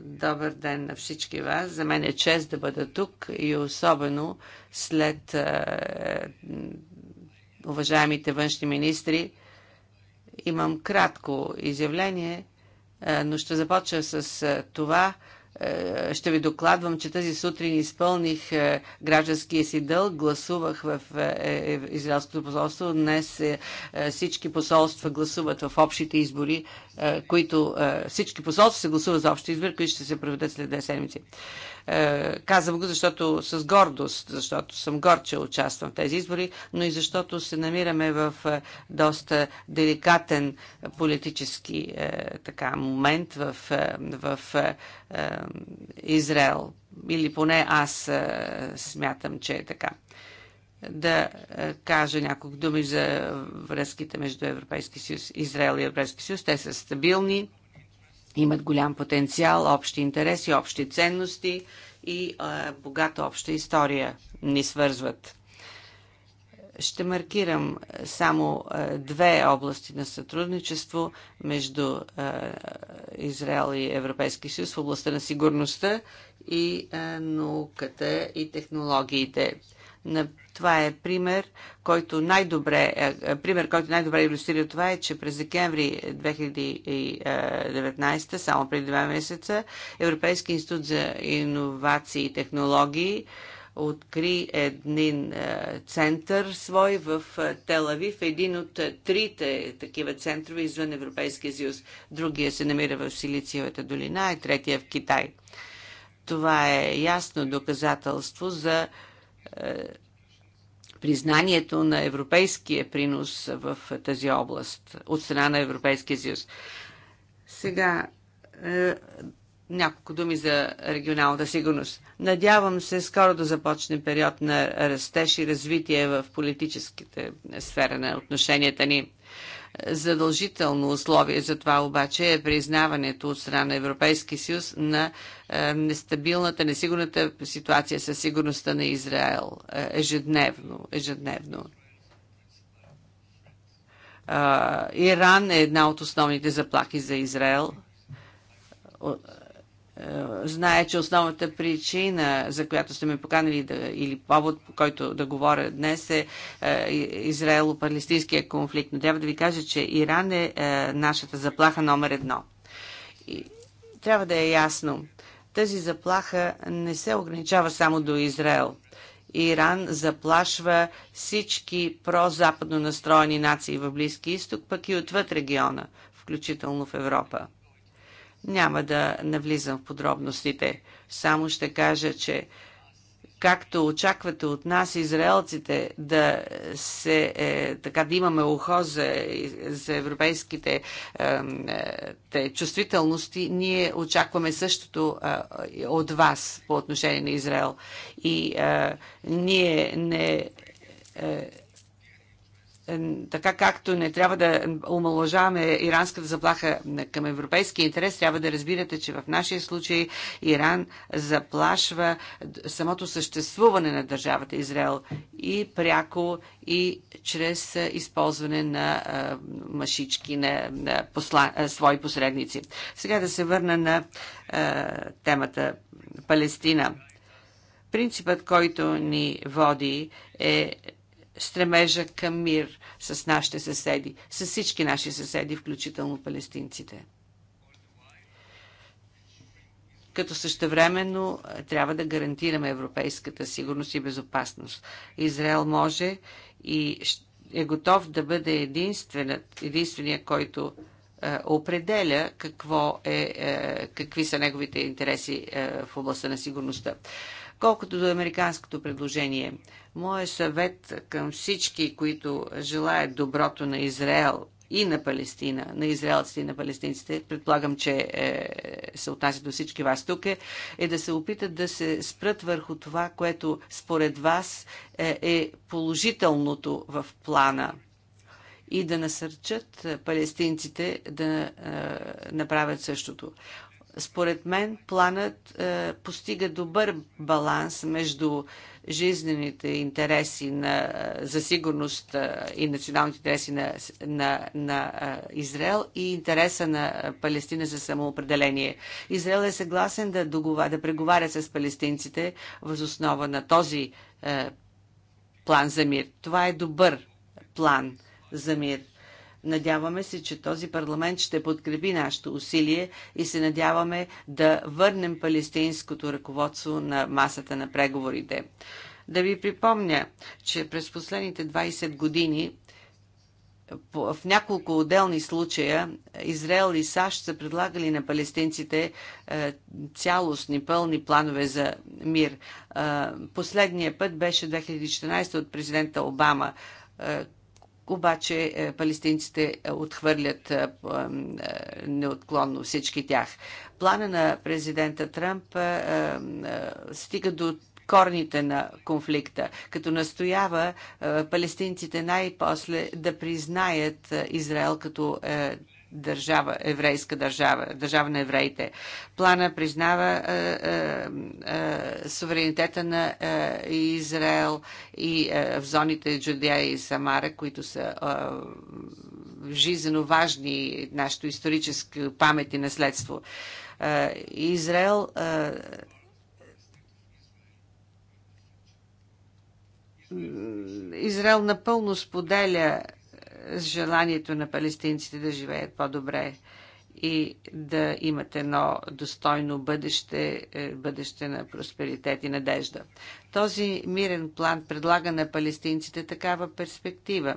добър ден на всички вас. За мен е чест да бъда тук и особено след е, уважаемите външни министри. Имам кратко изявление, е, но ще започна с това, е, ще ви докладвам, че тази сутрин изпълних е, гражданския си дълг, гласувах в е, Израелското посолство. Днес всички посолства гласуват в общите избори, които всички посолства се гласуват за общите избори, които ще се проведат след две седмици. Е, казвам го, защото с гордост, защото съм горд, че участвам в тези избори, но и защото се намираме в е, доста деликатен политически е, така, момент в, в Израел. Или поне аз смятам, че е така да кажа няколко думи за връзките между Европейски съюз, Израел и Европейски съюз. Те са стабилни имат голям потенциал, общи интереси, общи ценности и а, богата обща история ни свързват. Ще маркирам само две области на сътрудничество между Израел и Европейски съюз в областта на сигурността и науката и технологиите. Това е пример, който най-добре, е, е, пример, който най-добре иллюстрира това е, че през декември 2019, е, само преди два месеца, Европейски институт за иновации и технологии откри един център свой в Телавив, един от трите такива центрове извън Европейския съюз. Другия се намира в Силициевата долина, и третия в Китай. Това е ясно доказателство за е, признанието на европейския принос в тази област от страна на Европейския съюз. Сега е, няколко думи за регионалната сигурност. Надявам се скоро да започне период на растеж и развитие в политическата сфера на отношенията ни. Задължително условие за това обаче е признаването от страна на Европейски съюз на е, нестабилната, несигурната ситуация със сигурността на Израел е, ежедневно. ежедневно. Е, Иран е една от основните заплахи за Израел Зная, че основната причина, за която сте ме поканали, да, или повод, по който да говоря днес е, е Израело-палестинския конфликт. Но трябва да ви кажа, че Иран е, е нашата заплаха номер едно. И трябва да е ясно. Тази заплаха не се ограничава само до Израел. Иран заплашва всички прозападно настроени нации в Близки изток, пък и отвъд региона, включително в Европа. Няма да навлизам в подробностите. Само ще кажа, че както очаквате от нас, израелците, да, се, е, така, да имаме ухо за, за европейските е, те, чувствителности, ние очакваме същото е, от вас по отношение на Израел. И е, ние не. Е, така както не трябва да омалъжаваме иранската заплаха към европейския интерес, трябва да разбирате, че в нашия случай Иран заплашва самото съществуване на държавата Израел и пряко, и чрез използване на машички, на, на посла, свои посредници. Сега да се върна на темата Палестина. Принципът, който ни води е стремежа към мир с нашите съседи, с всички наши съседи, включително палестинците. Като същевременно трябва да гарантираме европейската сигурност и безопасност. Израел може и е готов да бъде единствения, който определя какво е, е, какви са неговите интереси е, в областта на сигурността. Колкото до американското предложение, моят съвет към всички, които желаят доброто на Израел и на Палестина, на израелците и на палестинците, предполагам, че е, се отнася до всички вас тук, е, е да се опитат да се спрат върху това, което според вас е, е положителното в плана и да насърчат палестинците да е, направят същото. Според мен планът е, постига добър баланс между жизнените интереси на, е, за сигурност е, и националните интереси на, на, на е, Израел и интереса на Палестина за самоопределение. Израел е съгласен да, догова, да преговаря с палестинците основа на този е, план за мир. Това е добър план за мир. Надяваме се, че този парламент ще подкрепи нашето усилие и се надяваме да върнем палестинското ръководство на масата на преговорите. Да ви припомня, че през последните 20 години в няколко отделни случая Израел и САЩ са предлагали на палестинците е, цялостни, пълни планове за мир. Е, последния път беше 2014 от президента Обама, е, обаче е, палестинците е, отхвърлят е, неотклонно всички тях. Плана на президента Тръмп стига до корните на конфликта, като настоява палестинците най-после да признаят Израел като държава, еврейска държава, държава на евреите. Плана признава е, е, е, суверенитета на е, Израел и е, в зоните Джудея и Самара, които са е, жизненно важни нашето историческо памет и наследство. Е, Израел е, Израел напълно споделя с желанието на палестинците да живеят по-добре и да имат едно достойно бъдеще, е, бъдеще на просперитет и надежда. Този мирен план предлага на палестинците такава перспектива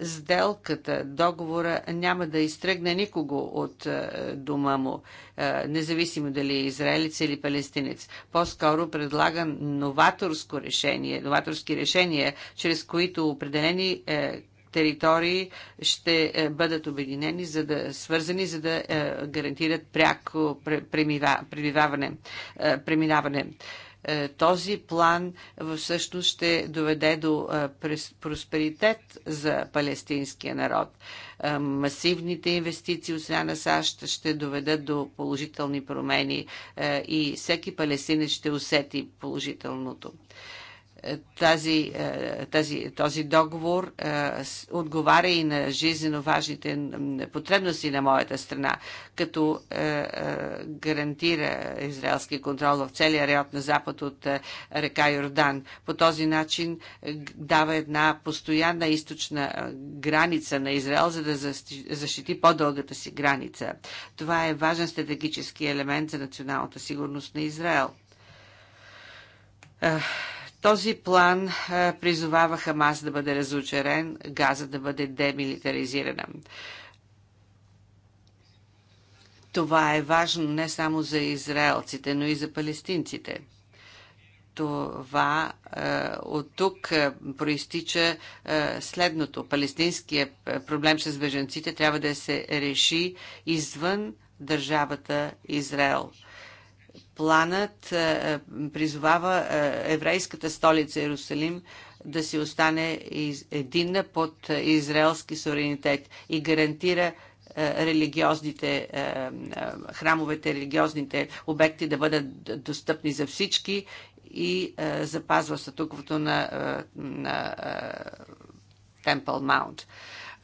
сделката, договора няма да изтръгне никого от е, дома му, е, независимо дали е израелец или палестинец. По-скоро предлага новаторско решение, новаторски решения, чрез които определени е, територии ще бъдат обединени, за да, свързани, за да гарантират пряко преминаване. преминаване. Е, този план всъщност ще доведе до е, просперитет за палестинския народ. Е, масивните инвестиции от страна на САЩ ще доведат до положителни промени и всеки палестинец ще усети положителното. Е, тази, е, тази, този договор е, отговаря и на жизненно важните потребности на моята страна, като гарантира израелски контрол в целия район на запад от река Йордан. По този начин дава една постоянна източна граница на Израел, за да защити по-дългата си граница. Това е важен стратегически елемент за националната сигурност на Израел. Uh този план призовава Хамас да бъде разочарен, Газа да бъде демилитаризирана. Това е важно не само за израелците, но и за палестинците това от тук проистича следното. Палестинския проблем с беженците трябва да се реши извън държавата Израел. Планът е, е, призовава е, еврейската столица Иерусалим да си остане единна под израелски суверенитет и гарантира религиозните храмовете, религиозните обекти да бъдат достъпни за всички и запазва статуквото на, на Темпъл Маунт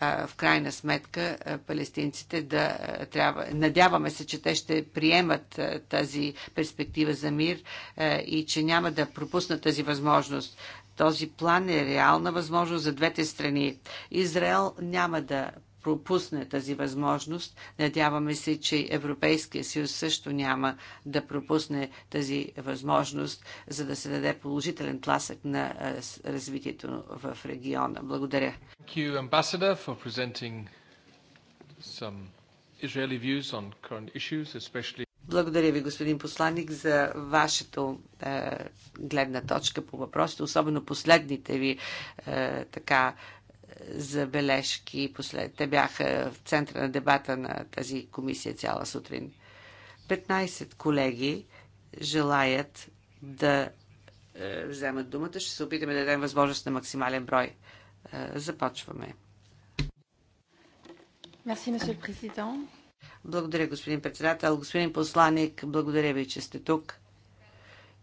в крайна сметка палестинците да трябва. Надяваме се, че те ще приемат тази перспектива за мир и че няма да пропуснат тази възможност. Този план е реална възможност за двете страни. Израел няма да пропусне тази възможност. Надяваме се, че Европейския съюз също няма да пропусне тази възможност, за да се даде положителен тласък на развитието в региона. Благодаря. Благодаря ви, господин посланник, за вашето е, гледна точка по въпросите, особено последните ви е, така забележки. Послед... Те бяха в центъра на дебата на тази комисия цяла сутрин. 15 колеги желаят да е, вземат думата. Ще се опитаме да дадем възможност на максимален брой. Е, започваме. Мерси, месье президент. Благодаря, господин председател. Господин посланник, благодаря ви, че сте тук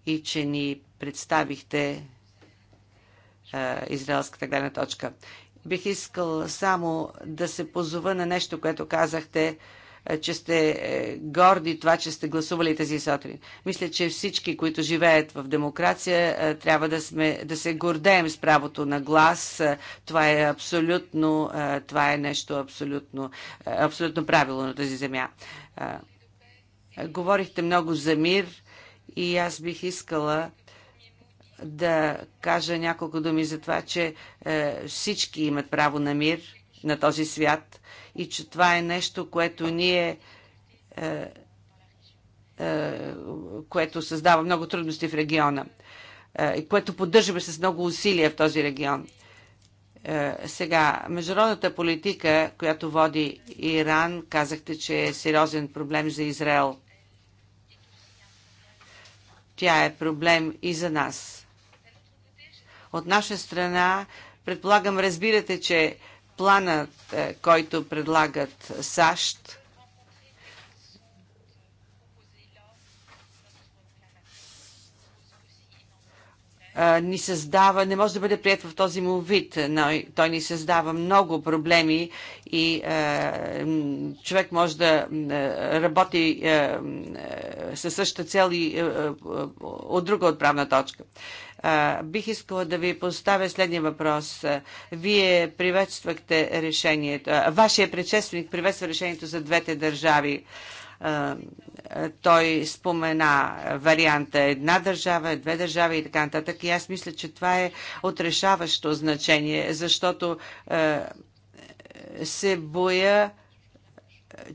и че ни представихте е, израелската гледна точка. Бих искал само да се позова на нещо, което казахте, е, че сте е, горди това, че сте гласували тези сутрин. Мисля, че всички, които живеят в демокрация, е, трябва да, сме, да се гордеем с правото на глас. Това е абсолютно, това е нещо абсолютно, абсолютно правило на тази земя. Говорихте много за мир и аз бих искала да кажа няколко думи за това, че е, всички имат право на мир на този свят и че това е нещо, което ние е, е, което създава много трудности в региона е, и което поддържаме с много усилия в този регион. Е, сега, международната политика, която води Иран, казахте, че е сериозен проблем за Израел. Тя е проблем и за нас. От наша страна, предполагам, разбирате, че планът, е, който предлагат САЩ, е, ни създава, не може да бъде прият в този му вид, но той ни създава много проблеми и е, човек може да е, работи е, със същата цел и е, от друга отправна точка. А, бих искала да ви поставя следния въпрос. Вие приветствахте решението, вашия предшественик приветства решението за двете държави. А, той спомена варианта една държава, две държави и така нататък. И аз мисля, че това е отрешаващо значение, защото се боя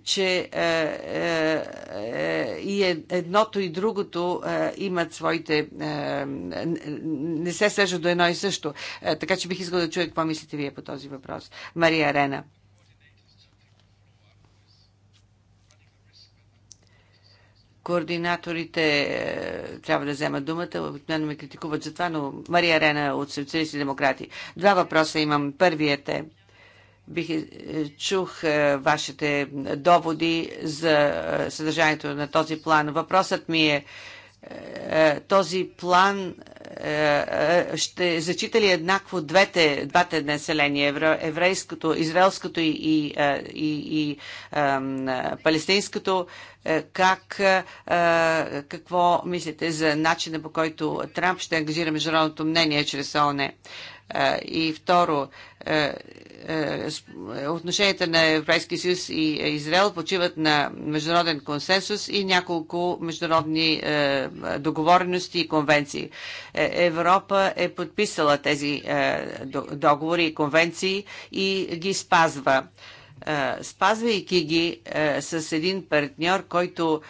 че е, е, е, и едното и другото имат своите. не се свежат до едно и също. така че бих искал да чуя какво мислите вие по този въпрос. Мария Арена. координаторите трябва да вземат думата. Обикновено ме критикуват за това, но Мария Рена от Социалисти демократи. Два въпроса имам. Първият е бих е, чух е, вашите доводи за е, съдържанието на този план. Въпросът ми е, е този план ще зачита ли еднакво двете, двете населения, еврейското, израелското и, и, и, и палестинското? Как, какво мислите за начина по който Трамп ще ангажира международното мнение чрез ОНЕ? И второ, е, е, е, отношенията на Европейския съюз и Израел почиват на международен консенсус и няколко международни договорености и конвенции. Европа е подписала тези договори и конвенции и ги спазва спазвайки ги с един партньор, който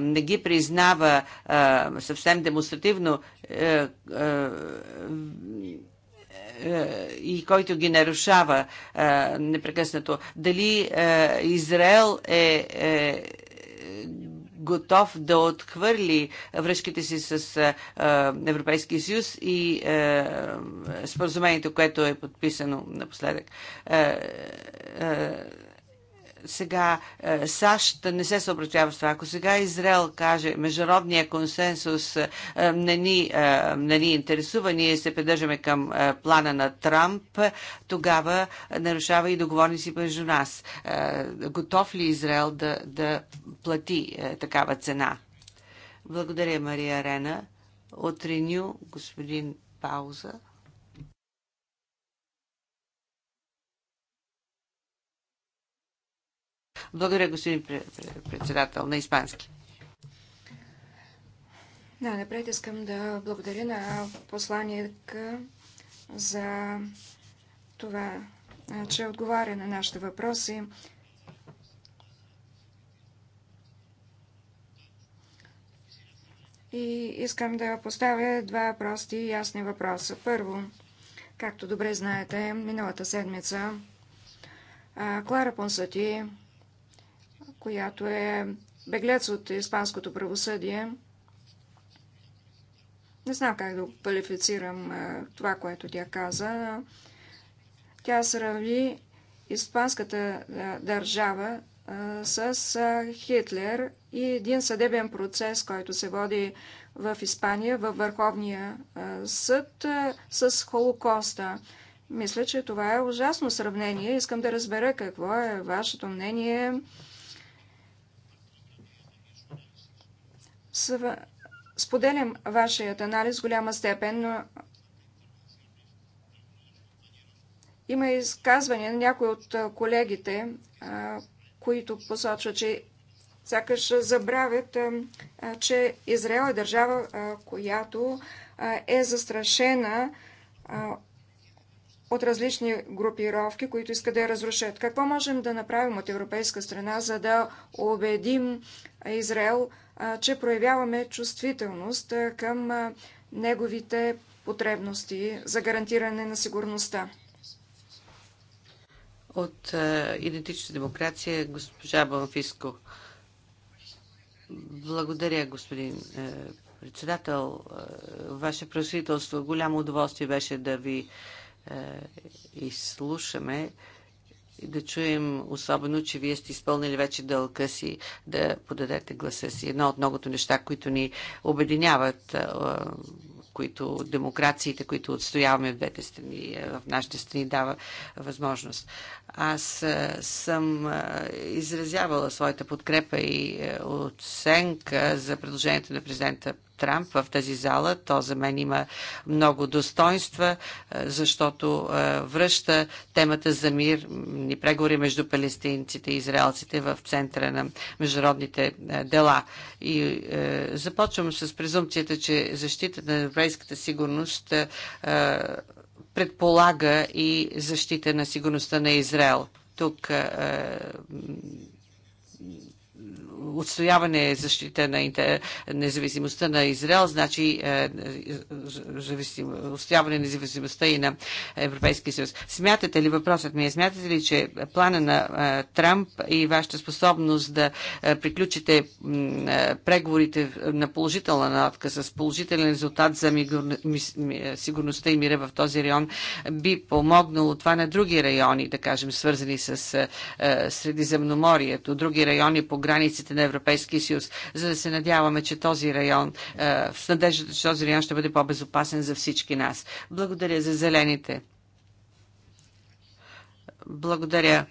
не ги признава съвсем демонстративно, е, и който ги нарушава е, непрекъснато. Дали е, Израел е, готов да отхвърли връзките си с Европейския съюз и споразумението, което е подписано напоследък сега е, САЩ не се съобразява с това. Ако сега Израел каже, международния консенсус е, не ни, е, не ни интересува, ние се придържаме към плана на Трамп, тогава нарушава и договорници между нас. Готов ли Израел да, да плати такава цена? Благодаря, Мария Рена. От Реню, господин Пауза. Благодаря, господин председател на Испански. Да, напред искам да благодаря на посланника за това, че отговаря на нашите въпроси. И искам да поставя два прости и ясни въпроса. Първо, както добре знаете, миналата седмица Клара Понсати която е беглец от испанското правосъдие. Не знам как да квалифицирам това, което тя каза. Тя сравни испанската държава с Хитлер и един съдебен процес, който се води в Испания, във Върховния съд, с Холокоста. Мисля, че това е ужасно сравнение. Искам да разбера какво е вашето мнение Споделям вашият анализ в голяма степен, но има изказвания на някои от колегите, които посочват, че сякаш забравят, че Израел е държава, която е застрашена от различни групировки, които искат да я разрушат. Какво можем да направим от европейска страна, за да убедим Израел, че проявяваме чувствителност към неговите потребности за гарантиране на сигурността. От идентична демокрация госпожа Банфиско. Благодаря, господин председател. Ваше правителство, голямо удоволствие беше да ви изслушаме и да чуем особено, че вие сте изпълнили вече дълга си да подадете гласа си. Едно от многото неща, които ни обединяват, които демокрациите, които отстояваме в двете страни, в нашите страни дава възможност. Аз съм изразявала своята подкрепа и оценка за предложението на президента Трамп в тази зала. То за мен има много достоинства, е, защото е, връща темата за мир, ни преговори между палестинците и израелците в центъра на международните е, дела. И започвам с презумцията, че защитата на еврейската сигурност предполага и защита на сигурността на Израел. Тук отстояване защита на независимостта на Израел, значи е, е, отстояване на независимостта и на Европейския съюз. Смятате ли, въпросът ми е, смятате ли, че плана на е, Трамп и вашата способност да приключите преговорите на положителна надка с положителен резултат за сигурността и мира в този район би помогнало това на други райони, да кажем, свързани с Средиземноморието, други райони по границите на Европейския съюз, за да се надяваме, че този район, в е, надеждата, че този район ще бъде по-безопасен за всички нас. Благодаря за зелените. Благодаря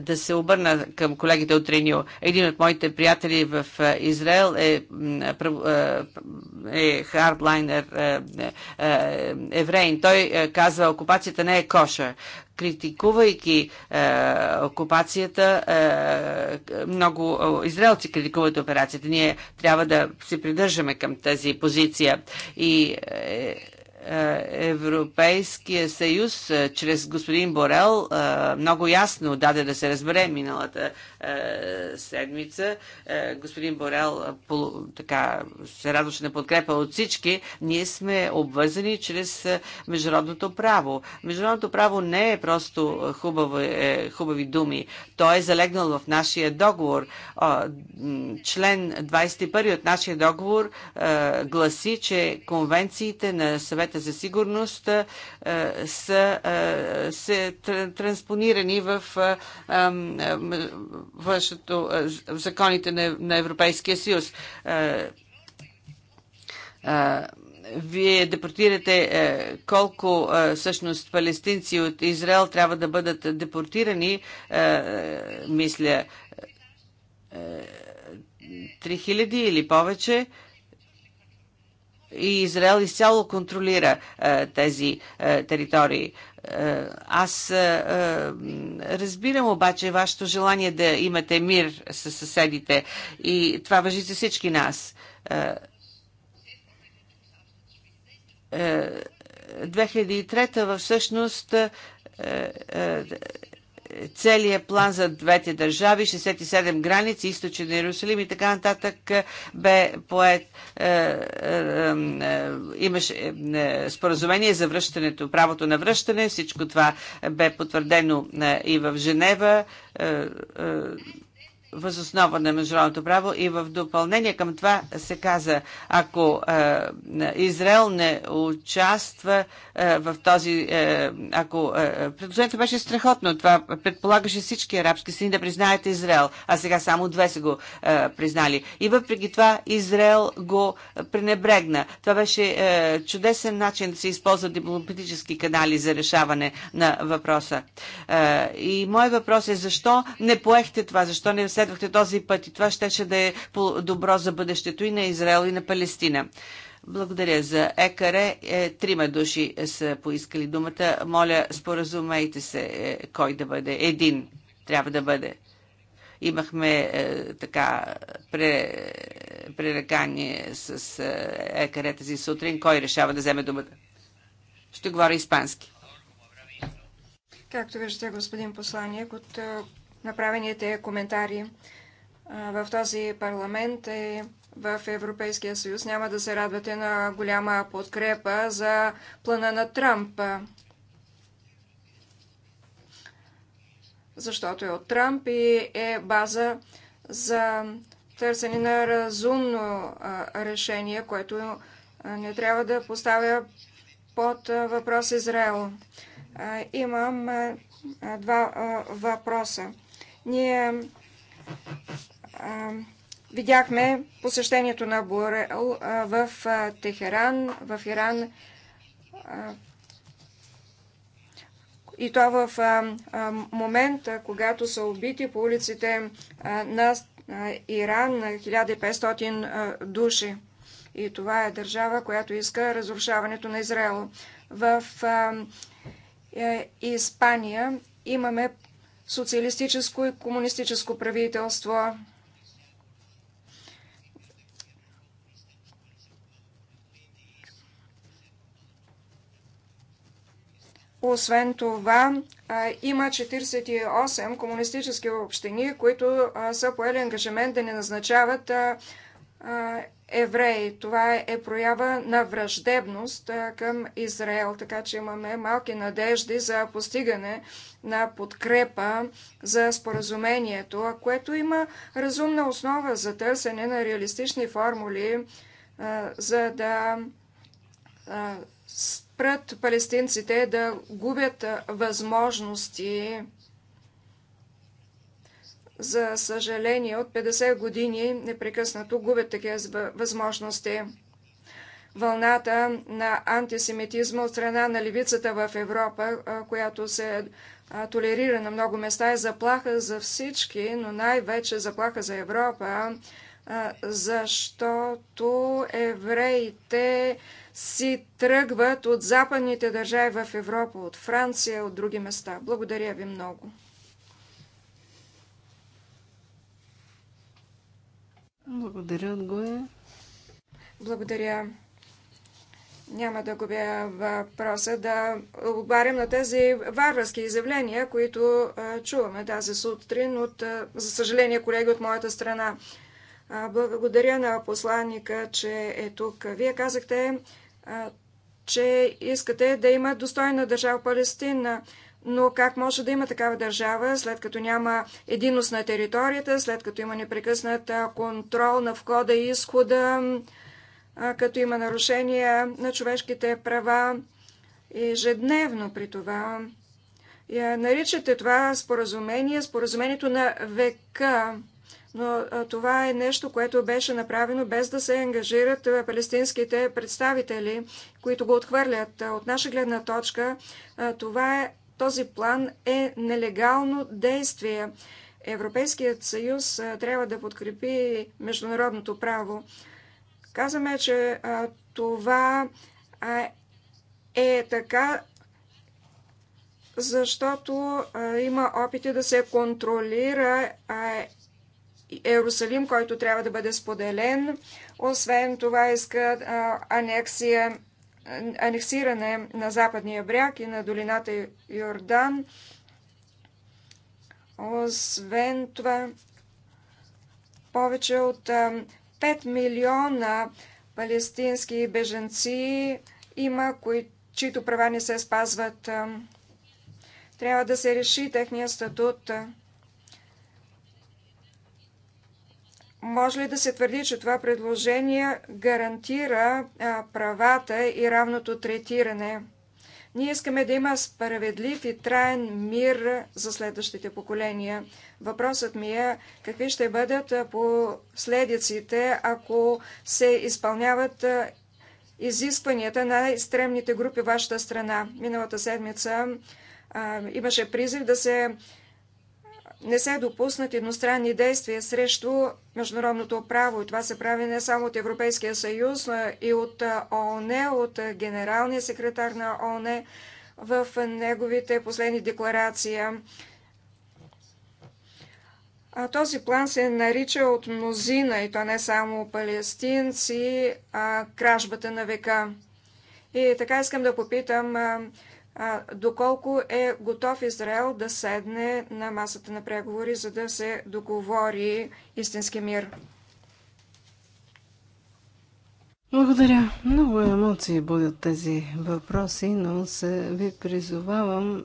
да се обърна към колегите от Реню. Един от моите приятели в Израел е, е хардлайнер е, е, евреин. Той казва, окупацията не е коша. Критикувайки е, окупацията, е, много израелци критикуват операцията. Ние трябва да се придържаме към тази позиция. И е, е, Европейския съюз е, чрез господин Борел е, много ясно даде да се разбере миналата е, седмица. Е, господин Борел е, така, се радваше на подкрепа от всички. Ние сме обвързани чрез международното право. Международното право не е просто хубави, хубави думи. То е залегнал в нашия договор. Член 21 от нашия договор гласи, че конвенциите на съвета за сигурност са се транспонирани в външното, в законите на, на Европейския съюз. Вие депортирате колко всъщност палестинци от Израел трябва да бъдат депортирани, мисля, 3000 или повече и Израел изцяло контролира а, е, тези а, е, територии. Е, аз а, разбирам обаче вашето желание да имате мир с съседите и това въжи за всички нас. Е, 2003 всъщност целият план за двете държави, 67 граници, източен Иерусалим и така нататък е, бе поет. Е, е, е, имаше е, е, споразумение за връщането, правото на връщане. Всичко това бе потвърдено и в Женева възоснова на международното право и в допълнение към това се каза, ако е, Израел не участва е, в този... Е, ако е, предложението беше страхотно, това предполагаше всички арабски страни да признаят Израел, а сега само две са го е, признали. И въпреки това Израел го пренебрегна. Това беше е, чудесен начин да се използват дипломатически канали за решаване на въпроса. Е, и мой въпрос е защо не поехте това, защо не следвахте този път и това щеше да е добро за бъдещето и на Израел и на Палестина. Благодаря за екаре. Е, трима души са поискали думата. Моля, споразумейте се е, кой да бъде. Един трябва да бъде. Имахме е, така пререкание с е, ЕКР тази сутрин. Кой решава да вземе думата? Ще говоря испански. Както виждате, господин посланник, от направените коментари. В този парламент и в Европейския съюз няма да се радвате на голяма подкрепа за плана на Трамп. Защото е от Трамп и е база за търсене на разумно решение, което не трябва да поставя под въпрос Израел. Имам два въпроса. Ние а, видяхме посещението на Борел в Техеран, в Иран и то в момент, когато са убити по улиците на Иран 1500 души. И това е държава, която иска разрушаването на Израел. В е, Испания имаме социалистическо и комунистическо правителство. Освен това, има 48 комунистически общини, които са поели ангажимент да не назначават евреи. Това е проява на враждебност към Израел, така че имаме малки надежди за постигане на подкрепа за споразумението, което има разумна основа за търсене на реалистични формули, за да спрат палестинците да губят възможности за съжаление, от 50 години непрекъснато губят такива възможности. Вълната на антисемитизма от страна на левицата в Европа, която се толерира на много места, е заплаха за всички, но най-вече заплаха за Европа, защото евреите си тръгват от западните държави в Европа, от Франция, от други места. Благодаря ви много. Благодаря, Отгоя. Благодаря. Няма да губя въпроса да отговарям на тези варварски изявления, които чуваме тази сутрин от, за съжаление, колеги от моята страна. Благодаря на посланника, че е тук. Вие казахте, че искате да има достойна държава Палестина. Но как може да има такава държава, след като няма единност на територията, след като има непрекъснат контрол на входа и изхода, като има нарушения на човешките права ежедневно при това? Я наричате това споразумение, споразумението на века, но това е нещо, което беше направено без да се ангажират палестинските представители, които го отхвърлят. От наша гледна точка това е този план е нелегално действие. Европейският съюз трябва да подкрепи международното право. Казваме, че това е така, защото има опити да се контролира Ерусалим, който трябва да бъде споделен. Освен това иска анексия анексиране на западния бряг и на долината Йордан. Освен това, повече от 5 милиона палестински беженци има, кои, чието права не се спазват. Трябва да се реши техния статут. може ли да се твърди, че това предложение гарантира правата и равното третиране? Ние искаме да има справедлив и траен мир за следващите поколения. Въпросът ми е какви ще бъдат последиците, ако се изпълняват изискванията на най-стремните групи в вашата страна. Миналата седмица а, имаше призив да се не се допуснат едностранни действия срещу международното право. И това се прави не само от Европейския съюз, но и от ООН, от генералния секретар на ООН в неговите последни декларации. А този план се нарича от мнозина, и то не само палестинци, а кражбата на века. И така искам да попитам доколко е готов Израел да седне на масата на преговори, за да се договори истински мир. Благодаря. Много емоции будят тези въпроси, но се ви призовавам,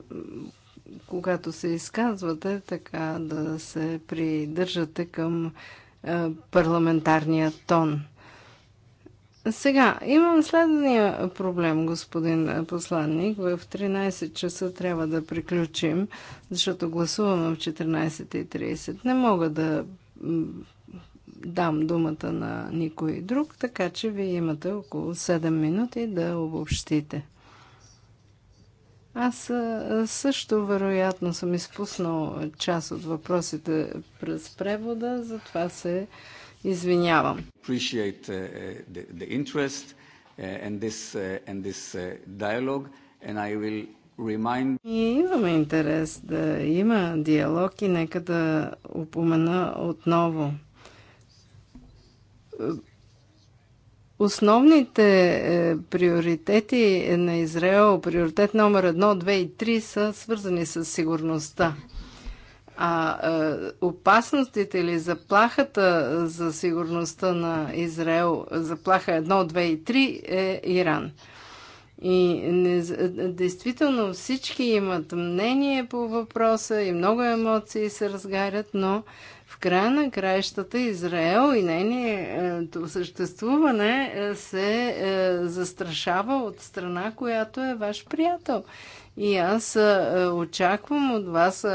когато се изказвате, така да се придържате към парламентарния тон. Сега, имам следния проблем, господин посланник. В 13 часа трябва да приключим, защото гласуваме в 14.30. Не мога да дам думата на никой друг, така че вие имате около 7 минути да обобщите. Аз също вероятно съм изпуснал част от въпросите през превода, затова се Извинявам. Ние uh, uh, uh, И имаме интерес да има диалог и нека да упомена отново. Основните е, приоритети на Израел, приоритет номер 1, 2 и 3 са свързани с сигурността. А е, опасностите или заплахата за сигурността на Израел, заплаха 1, 2 и 3 е Иран. И не, действително всички имат мнение по въпроса и много емоции се разгарят, но в края на краищата Израел и нейното съществуване е, се е, застрашава от страна, която е ваш приятел. И аз е, очаквам от вас,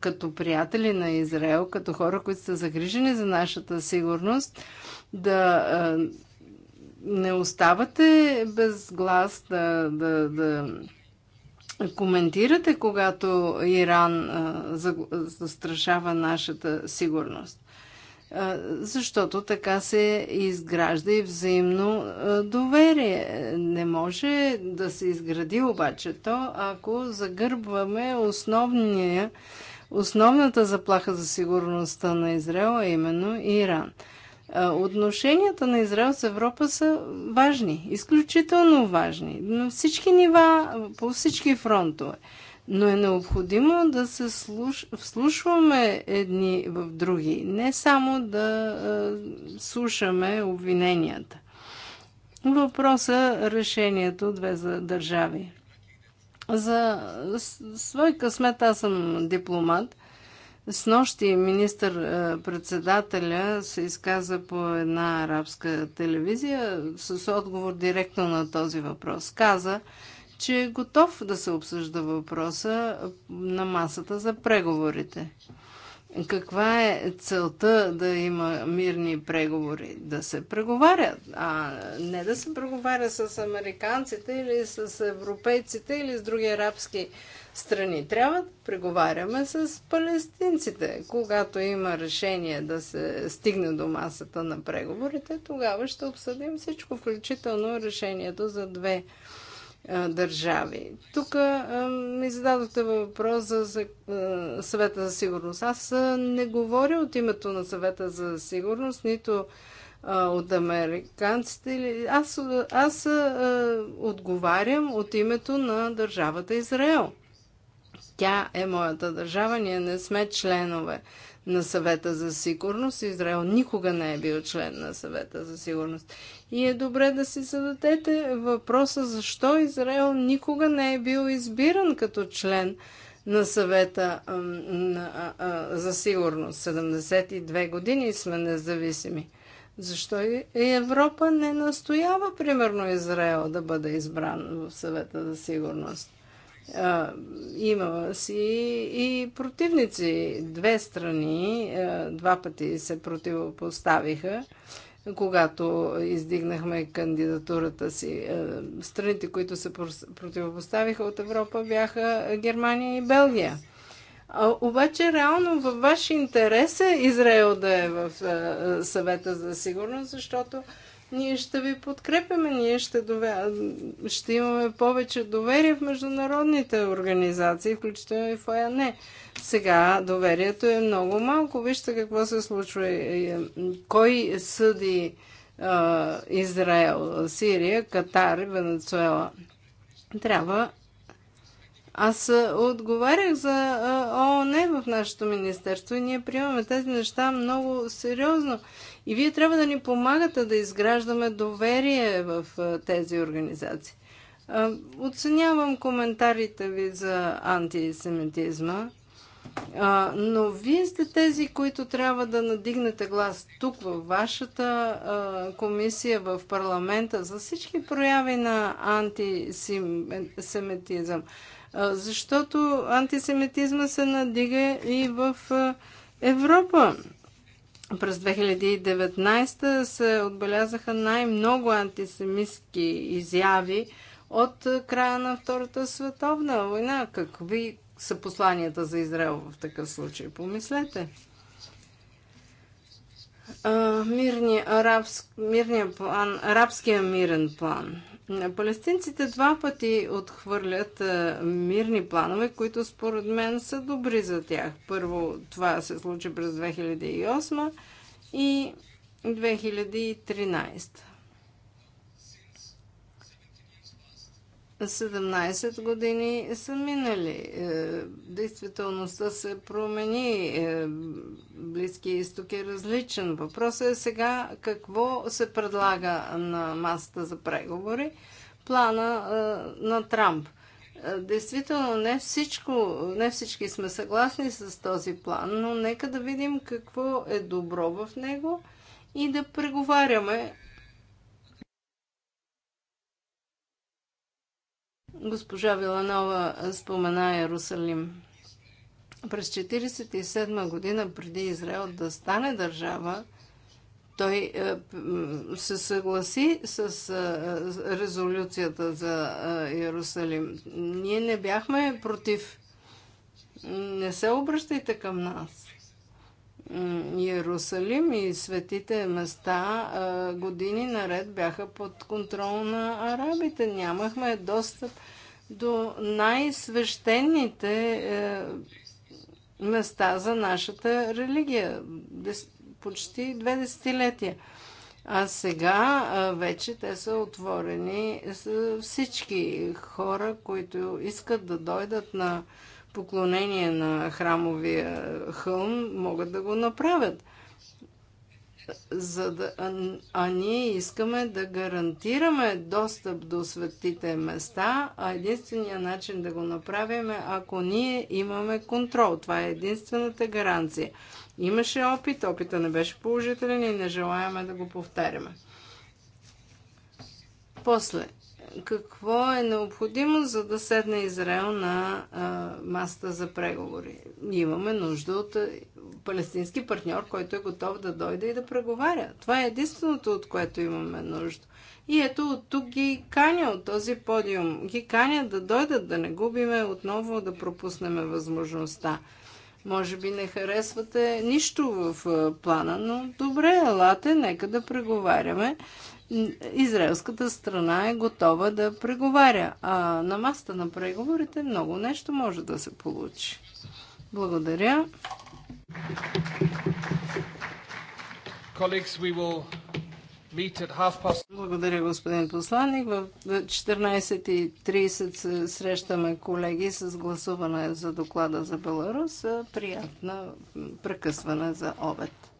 като приятели на Израел, като хора, които са загрижени за нашата сигурност, да не оставате без глас, да, да, да коментирате, когато Иран застрашава нашата сигурност защото така се изгражда и взаимно доверие. Не може да се изгради обаче то, ако загърбваме основния, основната заплаха за сигурността на Израел, а именно Иран. Отношенията на Израел с Европа са важни, изключително важни, на всички нива, по всички фронтове но е необходимо да се слуш... вслушваме едни в други, не само да а, слушаме обвиненията. Въпроса решението две за държави. За свой късмет аз съм дипломат. С нощи министър-председателя се изказа по една арабска телевизия с отговор директно на този въпрос. Каза, че е готов да се обсъжда въпроса на масата за преговорите. Каква е целта да има мирни преговори? Да се преговарят, а не да се преговаря с американците или с европейците или с други арабски страни. Трябва да преговаряме с палестинците. Когато има решение да се стигне до масата на преговорите, тогава ще обсъдим всичко, включително решението за две държави. Тук ми зададохте въпрос за съвета за сигурност. Аз не говоря от името на съвета за сигурност, нито от американците. Аз, аз отговарям от името на държавата Израел. Тя е моята държава, ние не сме членове на съвета за сигурност. Израел никога не е бил член на съвета за сигурност. И е добре да си зададете въпроса защо Израел никога не е бил избиран като член на съвета а, а, а, за сигурност. 72 години сме независими. Защо и Европа не настоява, примерно, Израел да бъде избран в съвета за сигурност? а, имала си и противници. Две страни а, два пъти се противопоставиха, когато издигнахме кандидатурата си. А, страните, които се противопоставиха от Европа, бяха Германия и Белгия. А, обаче, реално във ваш интерес е Израел да е в а, съвета за сигурност, защото ние ще ви подкрепяме, ние ще, дове... ще имаме повече доверие в международните организации, включително и в ОЯНЕ. Сега доверието е много малко. Вижте какво се случва. Кой съди е, Израел, Сирия, Катар Венецуела? Трябва аз отговарях за ООН в нашето министерство и ние приемаме тези неща много сериозно. И вие трябва да ни помагате да изграждаме доверие в тези организации. Оценявам коментарите ви за антисемитизма, но вие сте тези, които трябва да надигнете глас тук, във вашата комисия, в парламента, за всички прояви на антисемитизъм. Антисем защото антисемитизма се надига и в Европа. През 2019 се отбелязаха най-много антисемитски изяви от края на Втората световна война. Какви са посланията за Израел в такъв случай? Помислете. Мирния, арабск, мирния план, арабския мирен план – Палестинците два пъти отхвърлят мирни планове, които според мен са добри за тях. Първо това се случи през 2008 и 2013. 17 години са минали. Е, действителността се промени. Е, Близки изток е различен. Въпросът е сега какво се предлага на масата за преговори. Плана е, на Трамп. Действително, не, всичко, не всички сме съгласни с този план, но нека да видим какво е добро в него и да преговаряме Госпожа Виланова спомена Иерусалим. През 1947 година, преди Израел да стане държава, той е, се съгласи с е, резолюцията за Иерусалим. Ние не бяхме против. Не се обръщайте към нас. Иерусалим и светите места години наред бяха под контрол на арабите. Нямахме достъп до най-свещените е, места за нашата религия. Почти две десетилетия. А сега вече те са отворени за всички хора, които искат да дойдат на поклонение на храмовия хълм могат да го направят. За да, а, а ние искаме да гарантираме достъп до светите места, а единствения начин да го направим е ако ние имаме контрол. Това е единствената гаранция. Имаше опит, опита не беше положителен и не желаяме да го повтаряме. После, какво е необходимо, за да седне Израел на а, масата за преговори. Ние имаме нужда от палестински партньор, който е готов да дойде и да преговаря. Това е единственото, от което имаме нужда. И ето от тук ги каня от този подиум. Ги каня да дойдат, да не губиме отново, да пропуснем възможността. Може би не харесвате нищо в плана, но добре, елате, нека да преговаряме израелската страна е готова да преговаря. А на маста на преговорите много нещо може да се получи. Благодаря. Благодаря, господин посланник. В 14.30 се срещаме колеги с гласуване за доклада за Беларус. Приятна прекъсване за обед.